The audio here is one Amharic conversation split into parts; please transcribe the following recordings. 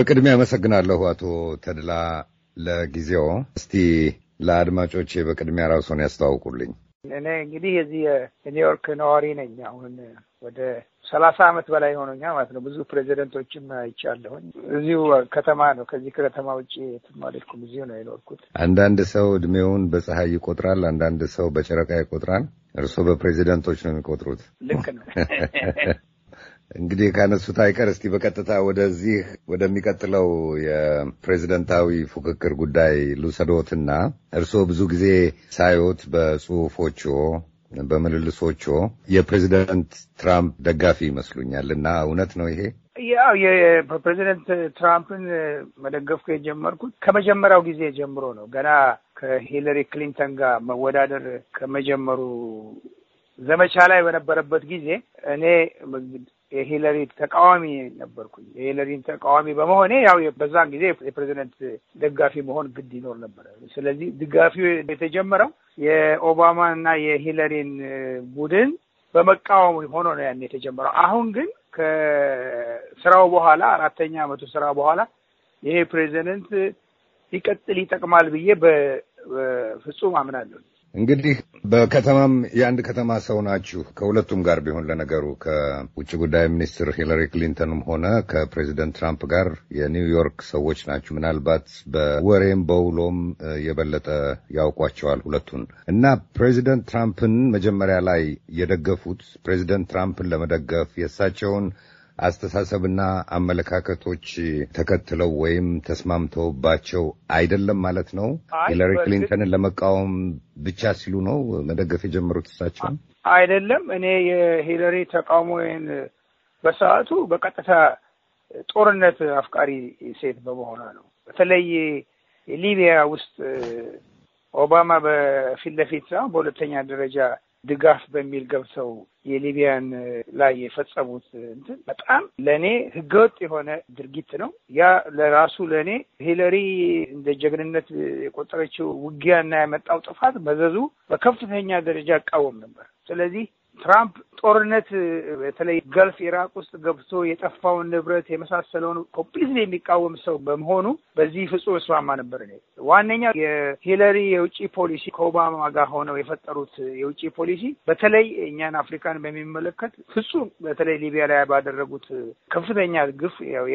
በቅድሚያ አመሰግናለሁ አቶ ተድላ ለጊዜው። እስቲ ለአድማጮች በቅድሚያ ራሱን ያስተዋውቁልኝ። እኔ እንግዲህ የዚህ የኒውዮርክ ነዋሪ ነኝ። አሁን ወደ ሰላሳ ዓመት በላይ ሆኖኛል ማለት ነው። ብዙ ፕሬዚደንቶችም አይቻለሁኝ። እዚሁ ከተማ ነው። ከዚህ ከተማ ውጭ የትም አልሄድኩም። እዚሁ ነው የኖርኩት። አንዳንድ ሰው እድሜውን በፀሐይ ይቆጥራል፣ አንዳንድ ሰው በጨረቃ ይቆጥራል። እርስዎ በፕሬዚደንቶች ነው የሚቆጥሩት። ልክ ነው። እንግዲህ ካነሱት አይቀር እስቲ በቀጥታ ወደዚህ ወደሚቀጥለው የፕሬዝደንታዊ ፉክክር ጉዳይ ልውሰዶትና እርስዎ ብዙ ጊዜ ሳይዎት በጽሁፎቹ በምልልሶቹ የፕሬዚደንት ትራምፕ ደጋፊ ይመስሉኛል እና እውነት ነው ይሄ? ያው የፕሬዚደንት ትራምፕን መደገፍ የጀመርኩት ከመጀመሪያው ጊዜ ጀምሮ ነው። ገና ከሂለሪ ክሊንተን ጋር መወዳደር ከመጀመሩ ዘመቻ ላይ በነበረበት ጊዜ እኔ የሂለሪ ተቃዋሚ ነበርኩኝ። የሂለሪን ተቃዋሚ በመሆኔ ያው በዛን ጊዜ የፕሬዚደንት ደጋፊ መሆን ግድ ይኖር ነበረ። ስለዚህ ደጋፊው የተጀመረው የኦባማ እና የሂለሪን ቡድን በመቃወሙ ሆኖ ነው ያን የተጀመረው። አሁን ግን ከስራው በኋላ አራተኛ አመቱ ስራ በኋላ ይሄ ፕሬዚደንት ይቀጥል ይጠቅማል ብዬ በፍጹም አምናለሁ። እንግዲህ በከተማም የአንድ ከተማ ሰው ናችሁ። ከሁለቱም ጋር ቢሆን ለነገሩ ከውጭ ጉዳይ ሚኒስትር ሂለሪ ክሊንተንም ሆነ ከፕሬዚደንት ትራምፕ ጋር የኒውዮርክ ሰዎች ናችሁ። ምናልባት በወሬም በውሎም የበለጠ ያውቋቸዋል ሁለቱን እና ፕሬዚደንት ትራምፕን መጀመሪያ ላይ የደገፉት ፕሬዚደንት ትራምፕን ለመደገፍ የእሳቸውን አስተሳሰብና አመለካከቶች ተከትለው ወይም ተስማምተውባቸው አይደለም ማለት ነው። ሂለሪ ክሊንተንን ለመቃወም ብቻ ሲሉ ነው መደገፍ የጀመሩት እሳቸው አይደለም። እኔ የሂለሪ ወይን በሰዓቱ በቀጥታ ጦርነት አፍቃሪ ሴት በመሆኗ ነው። በተለይ ሊቢያ ውስጥ ኦባማ በፊት ለፊት ሳይሆን በሁለተኛ ደረጃ ድጋፍ በሚል ገብተው የሊቢያን ላይ የፈጸሙት እንትን በጣም ለእኔ ህገወጥ የሆነ ድርጊት ነው። ያ ለራሱ ለእኔ ሂለሪ እንደ ጀግንነት የቆጠረችው ውጊያና ያመጣው ጥፋት መዘዙ በከፍተኛ ደረጃ እቃወም ነበር። ስለዚህ ትራምፕ ጦርነት በተለይ ገልፍ ኢራቅ ውስጥ ገብቶ የጠፋውን ንብረት የመሳሰለውን ኮምፕሊት የሚቃወም ሰው በመሆኑ በዚህ ፍጹም እስማማ ነበር። ዋነኛ የሂለሪ የውጭ ፖሊሲ ከኦባማ ጋር ሆነው የፈጠሩት የውጭ ፖሊሲ በተለይ እኛን አፍሪካን በሚመለከት ፍጹም በተለይ ሊቢያ ላይ ባደረጉት ከፍተኛ ግፍ ያው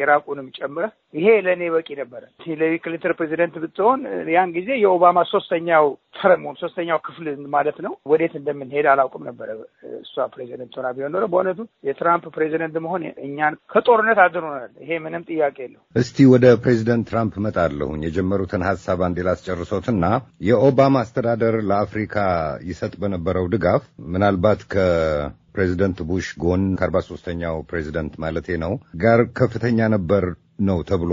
ጨምረ ይሄ ለእኔ በቂ ነበረ። ሂለሪ ክሊንተን ፕሬዚደንት ብትሆን ያን ጊዜ የኦባማ ሶስተኛው ተረሞም ሶስተኛው ክፍል ማለት ነው ወዴት እንደምንሄድ አላውቅም ነበረ እሷ ፕሬዚደንት ሆና ቢሆን ኖሮ በእውነቱ የትራምፕ ፕሬዚደንት መሆን እኛን ከጦርነት አድኖናል። ይሄ ምንም ጥያቄ የለው። እስቲ ወደ ፕሬዚደንት ትራምፕ መጣለሁኝ። የጀመሩትን ሀሳብ አንዴ ላስጨርሶትና የኦባማ አስተዳደር ለአፍሪካ ይሰጥ በነበረው ድጋፍ ምናልባት ከ ፕሬዚደንት ቡሽ ጎን ከአርባ ሶስተኛው ፕሬዚደንት ማለቴ ነው ጋር ከፍተኛ ነበር ነው ተብሎ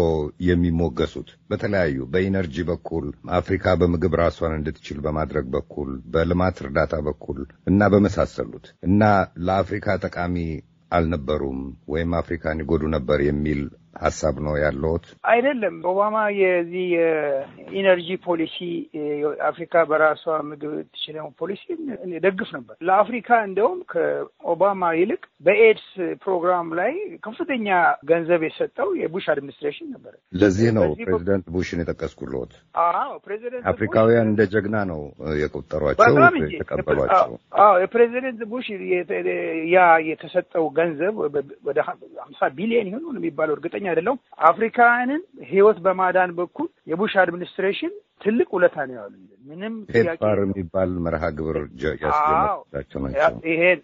የሚሞገሱት በተለያዩ በኢነርጂ በኩል አፍሪካ በምግብ ራሷን እንድትችል በማድረግ በኩል በልማት እርዳታ በኩል እና በመሳሰሉት እና ለአፍሪካ ጠቃሚ አልነበሩም ወይም አፍሪካን ይጎዱ ነበር የሚል ሀሳብ ነው ያለዎት? አይደለም። ኦባማ የዚህ የኢነርጂ ፖሊሲ አፍሪካ በራሷ ምግብ ትችለው ፖሊሲ ደግፍ ነበር። ለአፍሪካ እንደውም ከኦባማ ይልቅ በኤድስ ፕሮግራም ላይ ከፍተኛ ገንዘብ የሰጠው የቡሽ አድሚኒስትሬሽን ነበር። ለዚህ ነው ፕሬዚደንት ቡሽን የጠቀስኩልዎት። ፕሬዚደንት አፍሪካውያን እንደ ጀግና ነው የቆጠሯቸው የተቀበሏቸው። የፕሬዚደንት ቡሽ ያ የተሰጠው ገንዘብ ወደ ሀምሳ ቢሊየን ይሆን የሚባለው እርግጠኛ እርግጠኛ አይደለሁም። አፍሪካውያንን ህይወት በማዳን በኩል የቡሽ አድሚኒስትሬሽን ትልቅ ውለታ ነው ያሉ ምንም ፔፓር የሚባል መርሃ ግብር ናቸው። ይሄን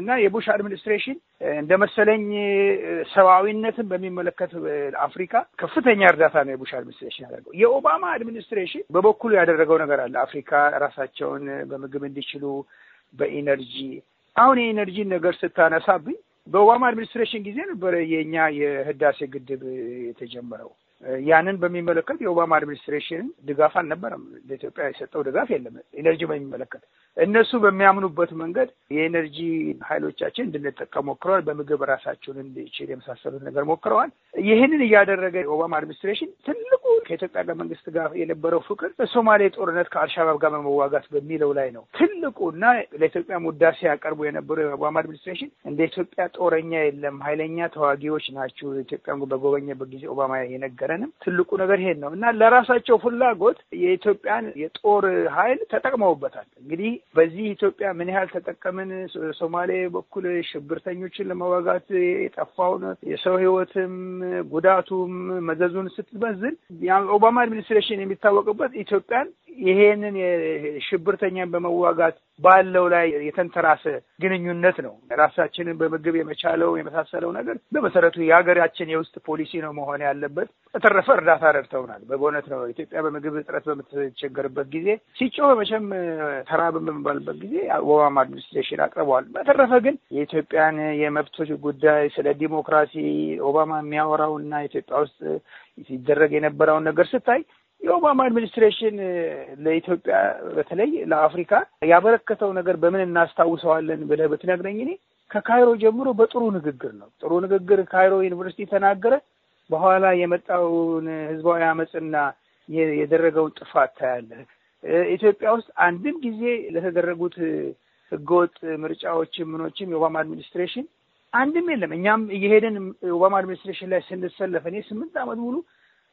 እና የቡሽ አድሚኒስትሬሽን እንደ መሰለኝ ሰብአዊነትን በሚመለከት አፍሪካ ከፍተኛ እርዳታ ነው የቡሽ አድሚኒስትሬሽን ያደርገው። የኦባማ አድሚኒስትሬሽን በበኩሉ ያደረገው ነገር አለ። አፍሪካ ራሳቸውን በምግብ እንዲችሉ በኢነርጂ አሁን የኢነርጂን ነገር ስታነሳብኝ በኦባማ አድሚኒስትሬሽን ጊዜ ነበረ የእኛ የህዳሴ ግድብ የተጀመረው። ያንን በሚመለከት የኦባማ አድሚኒስትሬሽን ድጋፍ አልነበረም። ለኢትዮጵያ የሰጠው ድጋፍ የለም። ኢነርጂ በሚመለከት እነሱ በሚያምኑበት መንገድ የኤነርጂ ኃይሎቻችን እንድንጠቀም ሞክረዋል። በምግብ ራሳቸውን እንዲችል የመሳሰሉት ነገር ሞክረዋል። ይህንን እያደረገ የኦባማ አድሚኒስትሬሽን ትልቁ ከኢትዮጵያ ጋር መንግስት ጋር የነበረው ፍቅር በሶማሌ ጦርነት ከአልሻባብ ጋር በመዋጋት በሚለው ላይ ነው ትልቁ እና ለኢትዮጵያ ውዳሴ ያቀርቡ የነበረው የኦባማ አድሚኒስትሬሽን እንደ ኢትዮጵያ ጦረኛ የለም ኃይለኛ ተዋጊዎች ናቸው። ኢትዮጵያ በጎበኘበት ጊዜ ኦባማ የነገረ አልነበረንም። ትልቁ ነገር ይሄን ነው እና ለራሳቸው ፍላጎት የኢትዮጵያን የጦር ኃይል ተጠቅመውበታል። እንግዲህ በዚህ ኢትዮጵያ ምን ያህል ተጠቀምን? ሶማሌ በኩል ሽብርተኞችን ለመዋጋት የጠፋውን የሰው ህይወትም፣ ጉዳቱም መዘዙን ስትመዝን ኦባማ አድሚኒስትሬሽን የሚታወቅበት ኢትዮጵያን ይሄንን ሽብርተኛን በመዋጋት ባለው ላይ የተንተራሰ ግንኙነት ነው። ራሳችንን በምግብ የመቻለው የመሳሰለው ነገር በመሰረቱ የሀገራችን የውስጥ ፖሊሲ ነው መሆን ያለበት። በተረፈ እርዳታ ረድተውናል። በእውነት ነው ኢትዮጵያ በምግብ እጥረት በምትቸገርበት ጊዜ ሲጮ መቼም ተራብን በሚባልበት ጊዜ ኦባማ አድሚኒስትሬሽን አቅርበዋል። በተረፈ ግን የኢትዮጵያን የመብቶች ጉዳይ ስለ ዲሞክራሲ ኦባማ የሚያወራውና ኢትዮጵያ ውስጥ ሲደረግ የነበረውን ነገር ስታይ የኦባማ አድሚኒስትሬሽን ለኢትዮጵያ በተለይ ለአፍሪካ ያበረከተው ነገር በምን እናስታውሰዋለን ብለህ ብትነግረኝ እኔ ከካይሮ ጀምሮ በጥሩ ንግግር ነው። ጥሩ ንግግር ካይሮ ዩኒቨርሲቲ ተናገረ። በኋላ የመጣውን ህዝባዊ አመፅና የደረገውን ጥፋት ታያለህ። ኢትዮጵያ ውስጥ አንድም ጊዜ ለተደረጉት ህገወጥ ምርጫዎችም ምኖችም የኦባማ አድሚኒስትሬሽን አንድም የለም። እኛም እየሄደን ኦባማ አድሚኒስትሬሽን ላይ ስንሰለፍ እኔ ስምንት ዓመት ሙሉ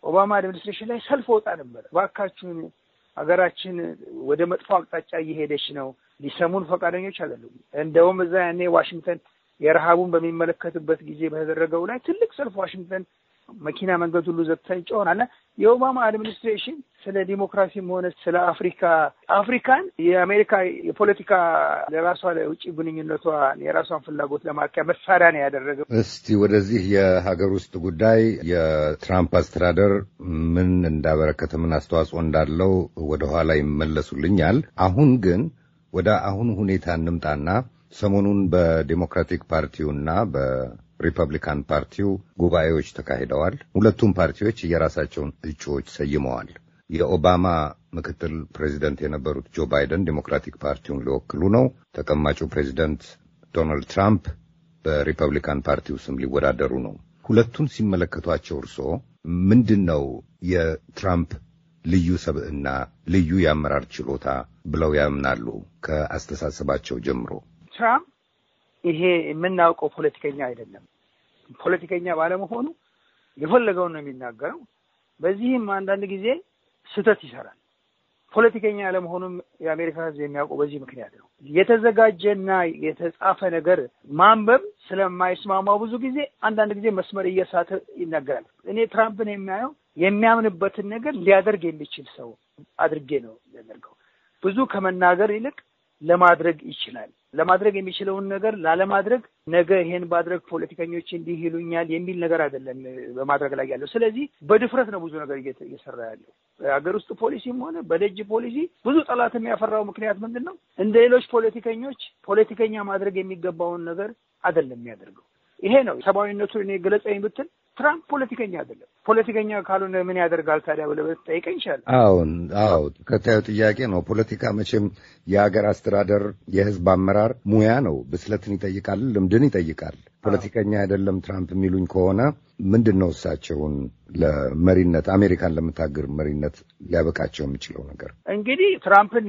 ኦባማ አድሚኒስትሬሽን ላይ ሰልፍ ወጣ ነበር። እባካችሁን ሀገራችን ወደ መጥፎ አቅጣጫ እየሄደች ነው፣ ሊሰሙን ፈቃደኞች አይደሉም። እንደውም እዛ ያኔ ዋሽንግተን የረሃቡን በሚመለከትበት ጊዜ በተደረገው ላይ ትልቅ ሰልፍ ዋሽንግተን መኪና መንገድ ሁሉ ዘግታ ይጮሆናል። የኦባማ አድሚኒስትሬሽን ስለ ዲሞክራሲም ሆነ ስለ አፍሪካ አፍሪካን የአሜሪካ የፖለቲካ ለራሷ ለውጭ ግንኙነቷ የራሷን ፍላጎት ለማካያ መሳሪያ ነው ያደረገው። እስቲ ወደዚህ የሀገር ውስጥ ጉዳይ የትራምፕ አስተዳደር ምን እንዳበረከተ ምን አስተዋጽኦ እንዳለው ወደኋላ ይመለሱልኛል። አሁን ግን ወደ አሁኑ ሁኔታ እንምጣና ሰሞኑን በዴሞክራቲክ ፓርቲውና ሪፐብሊካን ፓርቲው ጉባኤዎች ተካሂደዋል። ሁለቱም ፓርቲዎች የራሳቸውን እጩዎች ሰይመዋል። የኦባማ ምክትል ፕሬዚደንት የነበሩት ጆ ባይደን ዴሞክራቲክ ፓርቲውን ሊወክሉ ነው። ተቀማጩ ፕሬዚደንት ዶናልድ ትራምፕ በሪፐብሊካን ፓርቲው ስም ሊወዳደሩ ነው። ሁለቱን ሲመለከቷቸው እርስዎ ምንድን ነው የትራምፕ ልዩ ሰብዕና፣ ልዩ የአመራር ችሎታ ብለው ያምናሉ? ከአስተሳሰባቸው ጀምሮ ትራምፕ ይሄ የምናውቀው ፖለቲከኛ አይደለም። ፖለቲከኛ ባለመሆኑ የፈለገውን ነው የሚናገረው። በዚህም አንዳንድ ጊዜ ስህተት ይሰራል። ፖለቲከኛ ያለመሆኑም የአሜሪካ ሕዝብ የሚያውቀው በዚህ ምክንያት ነው። የተዘጋጀና የተጻፈ ነገር ማንበብ ስለማይስማማው ብዙ ጊዜ አንዳንድ ጊዜ መስመር እየሳተ ይናገራል። እኔ ትራምፕን የሚያየው የሚያምንበትን ነገር ሊያደርግ የሚችል ሰው አድርጌ ነው የሚያደርገው። ብዙ ከመናገር ይልቅ ለማድረግ ይችላል። ለማድረግ የሚችለውን ነገር ላለማድረግ ነገ ይሄን ባድረግ ፖለቲከኞች እንዲህ ይሉኛል የሚል ነገር አይደለም በማድረግ ላይ ያለው። ስለዚህ በድፍረት ነው ብዙ ነገር እየሰራ ያለው ሀገር ውስጥ ፖሊሲም ሆነ በደጅ ፖሊሲ ብዙ ጠላት የሚያፈራው ምክንያት ምንድን ነው? እንደ ሌሎች ፖለቲከኞች ፖለቲከኛ ማድረግ የሚገባውን ነገር አይደለም የሚያደርገው። ይሄ ነው ሰብአዊነቱ እኔ ገለጸኝ ብትል ትራምፕ ፖለቲከኛ አይደለም። ፖለቲከኛ ካልሆነ ምን ያደርጋል ታዲያ ብለህ ብትጠይቀኝ ይቻላል። አሁን አዎ፣ ተከታዩ ጥያቄ ነው። ፖለቲካ መቼም የሀገር አስተዳደር፣ የህዝብ አመራር ሙያ ነው። ብስለትን ይጠይቃል፣ ልምድን ይጠይቃል። ፖለቲከኛ አይደለም ትራምፕ የሚሉኝ ከሆነ ምንድን ነው እሳቸውን ለመሪነት አሜሪካን ለምታግር መሪነት ሊያበቃቸው የሚችለው ነገር እንግዲህ ትራምፕን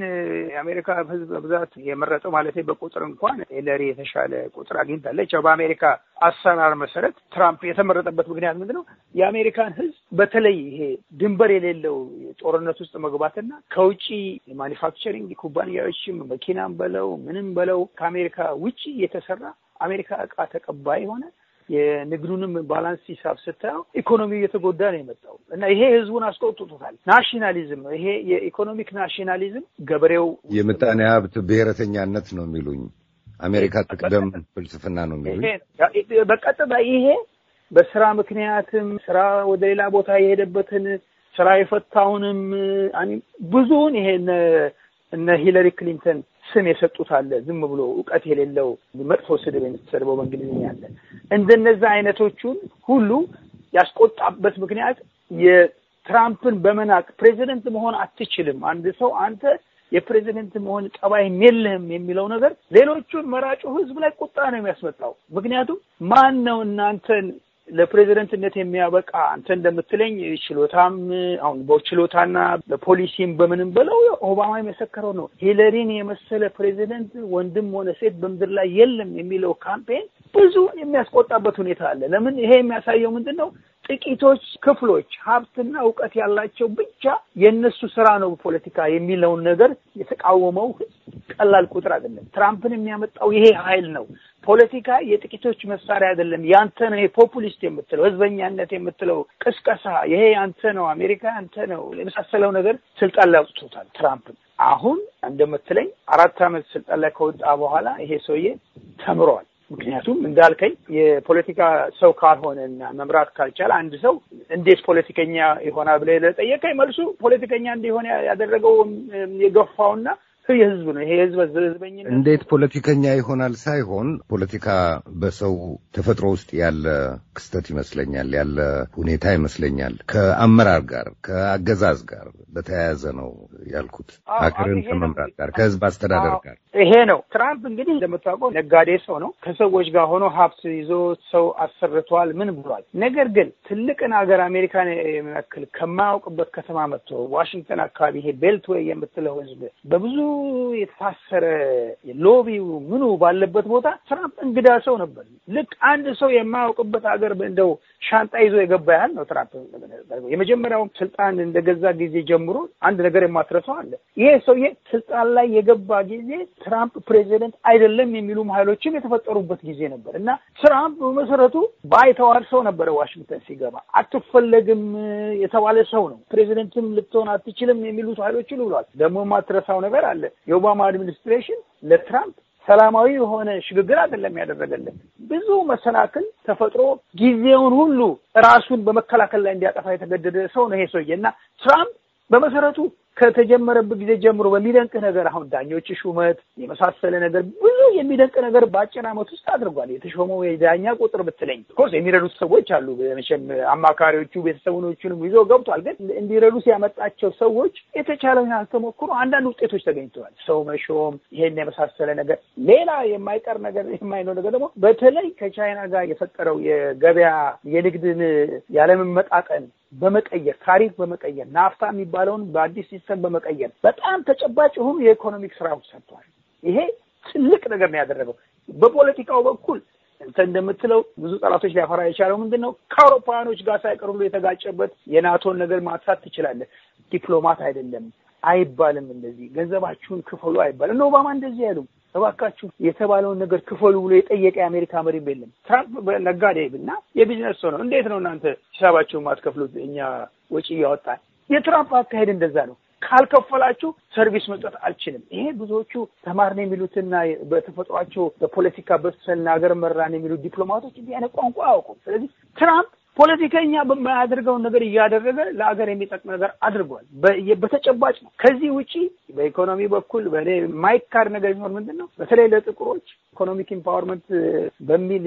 የአሜሪካ ሕዝብ በብዛት የመረጠው ማለት በቁጥር እንኳን ሂለሪ የተሻለ ቁጥር አግኝታለች። ያው በአሜሪካ አሰራር መሰረት ትራምፕ የተመረጠበት ምክንያት ምንድን ነው? የአሜሪካን ሕዝብ በተለይ ይሄ ድንበር የሌለው ጦርነት ውስጥ መግባትና ከውጭ የማኒፋክቸሪንግ ኩባንያዎችም መኪናም በለው ምንም በለው ከአሜሪካ ውጭ የተሰራ አሜሪካ እቃ ተቀባይ የሆነ የንግዱንም ባላንስ ሂሳብ ስታየው ኢኮኖሚው እየተጎዳ ነው የመጣው እና ይሄ ህዝቡን አስቆጥቶታል። ናሽናሊዝም ነው ይሄ የኢኮኖሚክ ናሽናሊዝም። ገበሬው የምጣኔ ሀብት ብሔረተኛነት ነው የሚሉኝ አሜሪካ ትቅደም ፍልስፍና ነው የሚሉኝ በቀጥታ ይሄ በስራ ምክንያትም ስራ ወደ ሌላ ቦታ የሄደበትን ስራ የፈታውንም ብዙውን ይሄ እነ ሂለሪ ክሊንተን ስም የሰጡት አለ። ዝም ብሎ እውቀት የሌለው መጥፎ ስድብ የምትሰድበው በእንግሊዝኛ አለ። እንደነዛ አይነቶቹን ሁሉ ያስቆጣበት ምክንያት የትራምፕን በመናቅ ፕሬዚደንት መሆን አትችልም፣ አንድ ሰው አንተ የፕሬዚደንት መሆን ጠባይም የለህም የሚለው ነገር ሌሎቹን መራጩ ህዝብ ላይ ቁጣ ነው የሚያስመጣው። ምክንያቱም ማን ነው እናንተን ለፕሬዚደንትነት የሚያበቃ አንተ እንደምትለኝ ችሎታም አሁን በችሎታና በፖሊሲም በምንም ብለው ኦባማ የመሰከረው ነው። ሂለሪን የመሰለ ፕሬዚደንት ወንድም ሆነ ሴት በምድር ላይ የለም የሚለው ካምፔን ብዙውን የሚያስቆጣበት ሁኔታ አለ። ለምን? ይሄ የሚያሳየው ምንድን ነው? ጥቂቶች ክፍሎች ሀብትና እውቀት ያላቸው ብቻ የእነሱ ስራ ነው ፖለቲካ የሚለውን ነገር የተቃወመው ቀላል ቁጥር አይደለም። ትራምፕን የሚያመጣው ይሄ ኃይል ነው። ፖለቲካ የጥቂቶች መሳሪያ አይደለም። ያንተ ነው ፖፑሊስት የምትለው ህዝበኛነት የምትለው ቅስቀሳ፣ ይሄ ያንተ ነው፣ አሜሪካ ያንተ ነው የመሳሰለው ነገር ስልጣን ላይ አውጥቶታል ትራምፕን። አሁን እንደምትለኝ አራት ዓመት ስልጣን ላይ ከወጣ በኋላ ይሄ ሰውዬ ተምሯል። ምክንያቱም እንዳልከኝ የፖለቲካ ሰው ካልሆነና መምራት ካልቻል አንድ ሰው እንዴት ፖለቲከኛ ይሆናል ብለህ ለጠየቀኝ መልሱ ፖለቲከኛ እንዲሆን ያደረገው የገፋውና የህዝብ ነው። ይሄ የህዝብ ህዝበኝነት እንዴት ፖለቲከኛ ይሆናል ሳይሆን ፖለቲካ በሰው ተፈጥሮ ውስጥ ያለ ክስተት ይመስለኛል፣ ያለ ሁኔታ ይመስለኛል። ከአመራር ጋር ከአገዛዝ ጋር በተያያዘ ነው ያልኩት፣ ሀገርን ከመምራት ጋር ከህዝብ አስተዳደር ጋር ይሄ ነው። ትራምፕ እንግዲህ እንደምታውቀው ነጋዴ ሰው ነው። ከሰዎች ጋር ሆኖ ሀብት ይዞ ሰው አሰርቷል፣ ምን ብሏል። ነገር ግን ትልቅን ሀገር አሜሪካን የሚያክል ከማያውቅበት ከተማ መጥቶ ዋሽንግተን አካባቢ ይሄ ቤልትዌይ የምትለው ህዝብ በብዙ የታሰረ ሎቢው ምኑ ባለበት ቦታ ትራምፕ እንግዳ ሰው ነበር። ልክ አንድ ሰው የማያውቅበት ሀገር እንደው ሻንጣ ይዞ የገባ ያህል ነው። ትራምፕ የመጀመሪያው ስልጣን እንደገዛ ጊዜ ጀምሮ አንድ ነገር የማትረሳው አለ። ይሄ ሰውዬ ስልጣን ላይ የገባ ጊዜ ትራምፕ ፕሬዚደንት አይደለም የሚሉም ሀይሎችም የተፈጠሩበት ጊዜ ነበር እና ትራምፕ በመሰረቱ ባይተዋር ሰው ነበረ። ዋሽንግተን ሲገባ አትፈለግም የተባለ ሰው ነው። ፕሬዚደንትም ልትሆን አትችልም የሚሉት ሀይሎች ብሏል። ደግሞ የማትረሳው ነገር አለ አለ። የኦባማ አድሚኒስትሬሽን ለትራምፕ ሰላማዊ የሆነ ሽግግር አይደለም ያደረገለት። ብዙ መሰናክል ተፈጥሮ ጊዜውን ሁሉ ራሱን በመከላከል ላይ እንዲያጠፋ የተገደደ ሰው ነው ይሄ ሰውዬ እና ትራምፕ በመሰረቱ ከተጀመረበት ጊዜ ጀምሮ በሚደንቅ ነገር አሁን ዳኞች ሹመት የመሳሰለ ነገር ብዙ የሚደንቅ ነገር በአጭር ዓመት ውስጥ አድርጓል። የተሾመው የዳኛ ቁጥር ብትለኝ ኮርስ የሚረዱት ሰዎች አሉ። መቼም አማካሪዎቹ ቤተሰቡኖቹንም ይዞ ገብቷል። ግን እንዲረዱ ሲያመጣቸው ሰዎች የተቻለ ተሞክሮ አንዳንድ ውጤቶች ተገኝተዋል። ሰው መሾም ይሄን የመሳሰለ ነገር፣ ሌላ የማይቀር ነገር የማይነው ነገር ደግሞ በተለይ ከቻይና ጋር የፈጠረው የገበያ የንግድን ያለመመጣጠን በመቀየር ታሪፍ በመቀየር ናፍታ የሚባለውን በአዲስ ሲስተም በመቀየር በጣም ተጨባጭ የሆኑ የኢኮኖሚክ ስራዎች ሰርቷል። ይሄ ትልቅ ነገር ነው ያደረገው። በፖለቲካው በኩል እንተ እንደምትለው ብዙ ጠላቶች ሊያፈራ የቻለው ምንድን ነው? ከአውሮፓውያኖች ጋር ሳይቀር ሁሉ የተጋጨበት የናቶን ነገር ማጥሳት ትችላለህ። ዲፕሎማት አይደለም አይባልም። እንደዚህ ገንዘባችሁን ክፈሉ አይባልም። እነ ኦባማ እንደዚህ ያሉ እባካችሁ የተባለውን ነገር ክፈሉ ብሎ የጠየቀ የአሜሪካ መሪ የለም። ትራምፕ ነጋዴ እና የቢዝነስ ሰው ነው። እንዴት ነው እናንተ ሂሳባችሁን ማትከፍሉት? እኛ ወጪ እያወጣል። የትራምፕ አካሄድ እንደዛ ነው። ካልከፈላችሁ ሰርቪስ መስጠት አልችልም። ይሄ ብዙዎቹ ተማርን የሚሉትና በተፈጥሯቸው በፖለቲካ በፍሰልና ሀገር መራን የሚሉ ዲፕሎማቶች እንዲህ አይነት ቋንቋ አያውቁም። ስለዚህ ትራምፕ ፖለቲከኛ በማያደርገውን ነገር እያደረገ ለሀገር የሚጠቅም ነገር አድርጓል። በተጨባጭ ነው። ከዚህ ውጪ በኢኮኖሚ በኩል የማይካድ ነገር ቢኖር ምንድን ነው? በተለይ ለጥቁሮች ኢኮኖሚክ ኢምፓወርመንት በሚል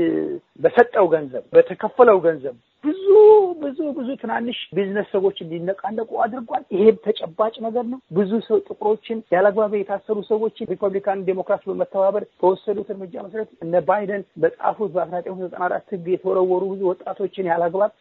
በሰጠው ገንዘብ በተከፈለው ገንዘብ ብዙ ብዙ ብዙ ትናንሽ ቢዝነስ ሰዎች እንዲነቃነቁ አድርጓል። ይሄም ተጨባጭ ነገር ነው። ብዙ ሰው ጥቁሮችን ያለአግባብ የታሰሩ ሰዎችን ሪፐብሊካን ዴሞክራት በመተባበር በወሰዱት እርምጃ መሰረት እነ ባይደን በጻፉት በአስራ ዘጠኝ ዘጠና አራት ህግ የተወረወሩ ብዙ ወጣቶችን ያለአግባብ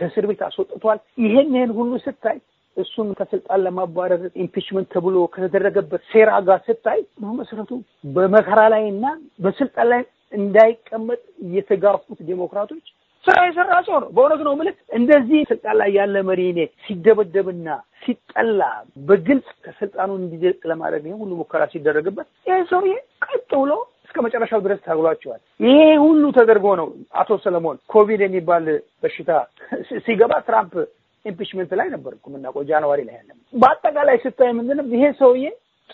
ከእስር ቤት አስወጥቷል። ይሄን ይህን ሁሉ ስታይ እሱን ከስልጣን ለማባረር ኢምፒችመንት ተብሎ ከተደረገበት ሴራ ጋር ስታይ በመሰረቱ በመከራ ላይ እና በስልጣን ላይ እንዳይቀመጥ የተጋፉት ዴሞክራቶች ስራ የሰራ ሰው ነው። በእውነት ነው የምልህ። እንደዚህ ስልጣን ላይ ያለ መሪ እኔ ሲደበደብና ሲጠላ በግልጽ ከስልጣኑ እንዲዘቅ ለማድረግ ይህ ሁሉ ሙከራ ሲደረግበት ይህ ሰውዬ ቀጥ ብሎ እስከ መጨረሻው ድረስ ታግሏቸዋል። ይሄ ሁሉ ተደርጎ ነው አቶ ሰለሞን ኮቪድ የሚባል በሽታ ሲገባ ትራምፕ ኢምፒችመንት ላይ ነበር የምናውቀው ጃንዋሪ ላይ ያለ። በአጠቃላይ ስታይ ምንድነው ይሄ ሰውዬ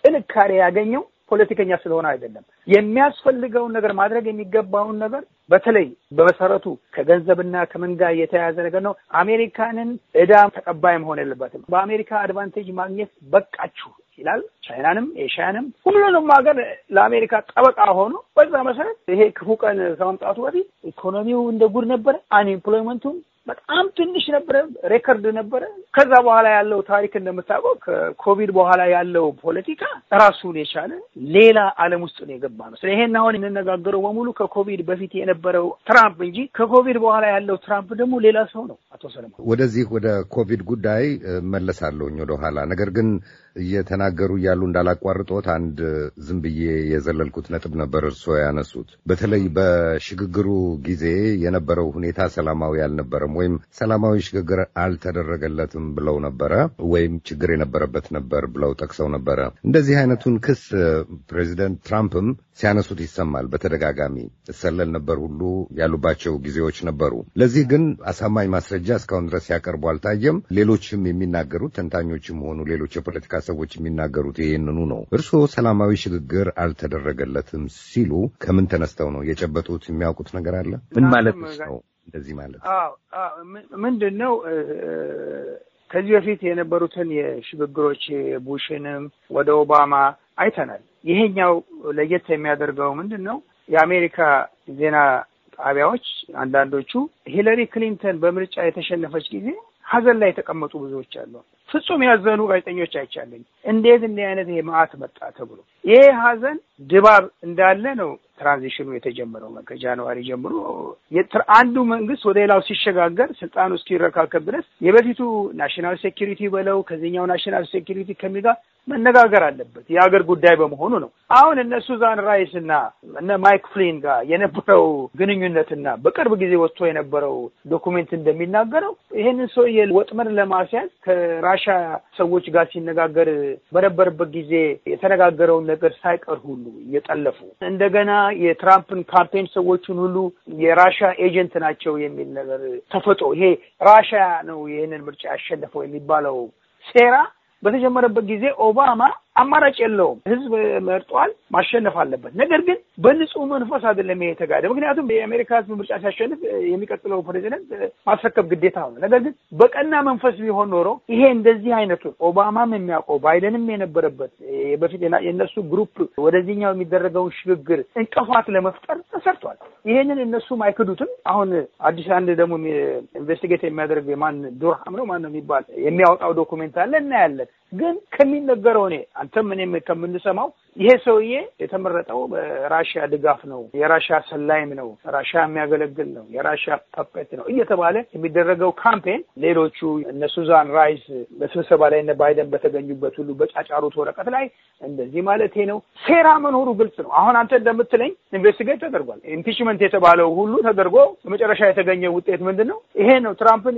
ጥንካሬ ያገኘው ፖለቲከኛ ስለሆነ አይደለም። የሚያስፈልገውን ነገር ማድረግ የሚገባውን ነገር በተለይ በመሰረቱ ከገንዘብና ከምን ጋር የተያያዘ ነገር ነው። አሜሪካንን እዳ ተቀባይ መሆን የለበትም። በአሜሪካ አድቫንቴጅ ማግኘት በቃችሁ ይላል። ቻይናንም ኤሽያንም ሁሉንም ሀገር ለአሜሪካ ጠበቃ ሆኖ በዛ መሰረት ይሄ ክፉ ቀን ከመምጣቱ በፊት ኢኮኖሚው እንደ ጉድ ነበረ። አንኤምፕሎይመንቱም በጣም ትንሽ ነበረ፣ ሬከርድ ነበረ። ከዛ በኋላ ያለው ታሪክ እንደምታውቀው ከኮቪድ በኋላ ያለው ፖለቲካ ራሱን የቻለ ሌላ ዓለም ውስጥ ነው የገባ ነው። ስለ ይሄን አሁን የምንነጋገረው በሙሉ ከኮቪድ በፊት የነበረው ትራምፕ እንጂ ከኮቪድ በኋላ ያለው ትራምፕ ደግሞ ሌላ ሰው ነው። አቶ ሰለሞን፣ ወደዚህ ወደ ኮቪድ ጉዳይ መለሳለሁኝ ወደኋላ ነገር ግን እየተናገሩ እያሉ እንዳላቋርጦት አንድ ዝም ብዬ የዘለልኩት ነጥብ ነበር እርስዎ ያነሱት። በተለይ በሽግግሩ ጊዜ የነበረው ሁኔታ ሰላማዊ አልነበረም ወይም ሰላማዊ ሽግግር አልተደረገለትም ብለው ነበረ ወይም ችግር የነበረበት ነበር ብለው ጠቅሰው ነበረ። እንደዚህ አይነቱን ክስ ፕሬዚደንት ትራምፕም ሲያነሱት ይሰማል በተደጋጋሚ እሰለል ነበር ሁሉ ያሉባቸው ጊዜዎች ነበሩ። ለዚህ ግን አሳማኝ ማስረጃ እስካሁን ድረስ ሲያቀርቡ አልታየም። ሌሎችም የሚናገሩት ተንታኞችም ሆኑ ሌሎች የፖለቲካ ሰዎች የሚናገሩት ይህንኑ ነው። እርስዎ ሰላማዊ ሽግግር አልተደረገለትም ሲሉ ከምን ተነስተው ነው የጨበጡት? የሚያውቁት ነገር አለ? ምን ማለት ነው እንደዚህ ማለት? ምንድን ነው ከዚህ በፊት የነበሩትን የሽግግሮች ቡሽንም ወደ ኦባማ አይተናል። ይሄኛው ለየት የሚያደርገው ምንድን ነው? የአሜሪካ ዜና ጣቢያዎች አንዳንዶቹ ሂለሪ ክሊንተን በምርጫ የተሸነፈች ጊዜ ሀዘን ላይ የተቀመጡ ብዙዎች አሉ። ፍጹም ያዘኑ ጋዜጠኞች አይቻለኝ። እንዴት እንዲህ አይነት ይሄ መዓት መጣ ተብሎ ይሄ ሀዘን ድባብ እንዳለ ነው ትራንዚሽኑ የተጀመረው ከጃንዋሪ ጀምሮ አንዱ መንግስት ወደ ሌላው ሲሸጋገር ስልጣኑ እስኪረካከብ ድረስ የበፊቱ ናሽናል ሴኪሪቲ በለው ከዚህኛው ናሽናል ሴኪሪቲ ከሚጋ መነጋገር አለበት የሀገር ጉዳይ በመሆኑ ነው። አሁን እነ ሱዛን ራይስ እና እነ ማይክ ፍሊን ጋር የነበረው ግንኙነትና በቅርብ ጊዜ ወጥቶ የነበረው ዶኩሜንት እንደሚናገረው ይሄንን ሰውዬ ወጥመድ ለማስያዝ ከራ ራሻ ሰዎች ጋር ሲነጋገር በነበረበት ጊዜ የተነጋገረውን ነገር ሳይቀር ሁሉ እየጠለፉ እንደገና የትራምፕን ካምፔን ሰዎችን ሁሉ የራሻ ኤጀንት ናቸው የሚል ነገር ተፈጥሮ ይሄ ራሻ ነው ይህንን ምርጫ ያሸነፈው የሚባለው ሴራ በተጀመረበት ጊዜ ኦባማ አማራጭ የለውም። ህዝብ መርጧል፣ ማሸነፍ አለበት። ነገር ግን በንጹህ መንፈስ አይደለም ይሄ የተጋደ። ምክንያቱም የአሜሪካ ህዝብ ምርጫ ሲያሸንፍ የሚቀጥለው ፕሬዚደንት ማስረከብ ግዴታ ነው። ነገር ግን በቀና መንፈስ ቢሆን ኖሮ ይሄ እንደዚህ አይነቱ ኦባማም የሚያውቀው ባይደንም የነበረበት በፊት የእነሱ ግሩፕ ወደዚህኛው የሚደረገውን ሽግግር እንቅፋት ለመፍጠር ተሰርቷል። ይሄንን እነሱም አይክዱትም። አሁን አዲስ አንድ ደግሞ ኢንቨስቲጌት የሚያደርግ የማን ዱርሃም ነው ማን ነው የሚባል የሚያወጣው ዶኩሜንት አለ እናያለን። ግን ከሚነገረው እኔ አንተም እኔም ከምንሰማው ይሄ ሰውዬ የተመረጠው በራሽያ ድጋፍ ነው፣ የራሽያ ሰላይም ነው፣ ራሽያ የሚያገለግል ነው፣ የራሽያ ፐፔት ነው እየተባለ የሚደረገው ካምፔን ሌሎቹ እነ ሱዛን ራይስ በስብሰባ ላይ እነ ባይደን በተገኙበት ሁሉ በጫጫሩት ወረቀት ላይ እንደዚህ ማለቴ ነው ሴራ መኖሩ ግልጽ ነው። አሁን አንተ እንደምትለኝ ኢንቨስቲጌት ተደርጓል። ኢምፒችመንት የተባለው ሁሉ ተደርጎ በመጨረሻ የተገኘ ውጤት ምንድን ነው? ይሄ ነው ትራምፕን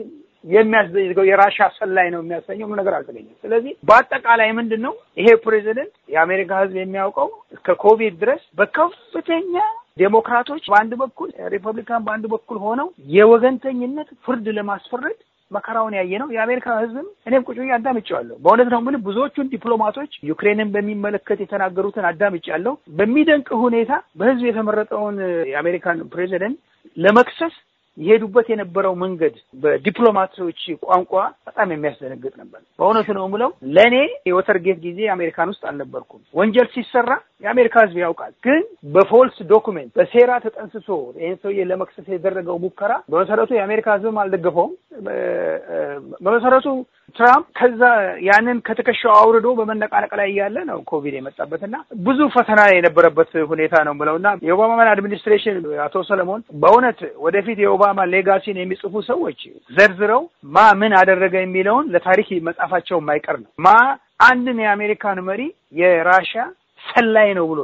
የሚያስደዝገው የራሻ ሰላይ ነው የሚያሰኘው ምን ነገር አልተገኘም። ስለዚህ በአጠቃላይ ምንድን ነው ይሄ ፕሬዚደንት የአሜሪካ ህዝብ የሚያውቀው እስከ ኮቪድ ድረስ በከፍተኛ ዴሞክራቶች በአንድ በኩል ሪፐብሊካን በአንድ በኩል ሆነው የወገንተኝነት ፍርድ ለማስፈረድ መከራውን ያየ ነው። የአሜሪካ ህዝብም እኔም ቁጭ ብዬ አዳምጫለሁ። በእውነት ነው የምልህ ብዙዎቹን ዲፕሎማቶች ዩክሬንን በሚመለከት የተናገሩትን አዳምጫለሁ። በሚደንቅ ሁኔታ በህዝብ የተመረጠውን የአሜሪካን ፕሬዚደንት ለመክሰስ የሄዱበት የነበረው መንገድ በዲፕሎማቶች ቋንቋ በጣም የሚያስደነግጥ ነበር። በእውነቱ ነው የምለው። ለእኔ የወተርጌት ጊዜ አሜሪካን ውስጥ አልነበርኩም። ወንጀል ሲሰራ የአሜሪካ ሕዝብ ያውቃል። ግን በፎልስ ዶኩሜንት በሴራ ተጠንስሶ ይህን ሰውዬ ለመክሰስ የደረገው ሙከራ በመሰረቱ የአሜሪካ ሕዝብም አልደገፈውም። በመሰረቱ ትራምፕ ከዛ ያንን ከትከሻው አውርዶ በመነቃነቅ ላይ እያለ ነው ኮቪድ የመጣበት ብዙ ፈተና የነበረበት ሁኔታ ነው ብለው እና የኦባማን አድሚኒስትሬሽን አቶ ሰለሞን በእውነት ወደፊት የኦባማ ሌጋሲን የሚጽፉ ሰዎች ዘርዝረው ማ ምን አደረገ የሚለውን ለታሪክ መጻፋቸው የማይቀር ነው። ማ አንድን የአሜሪካን መሪ የራሻ ሰላይ ነው ብሎ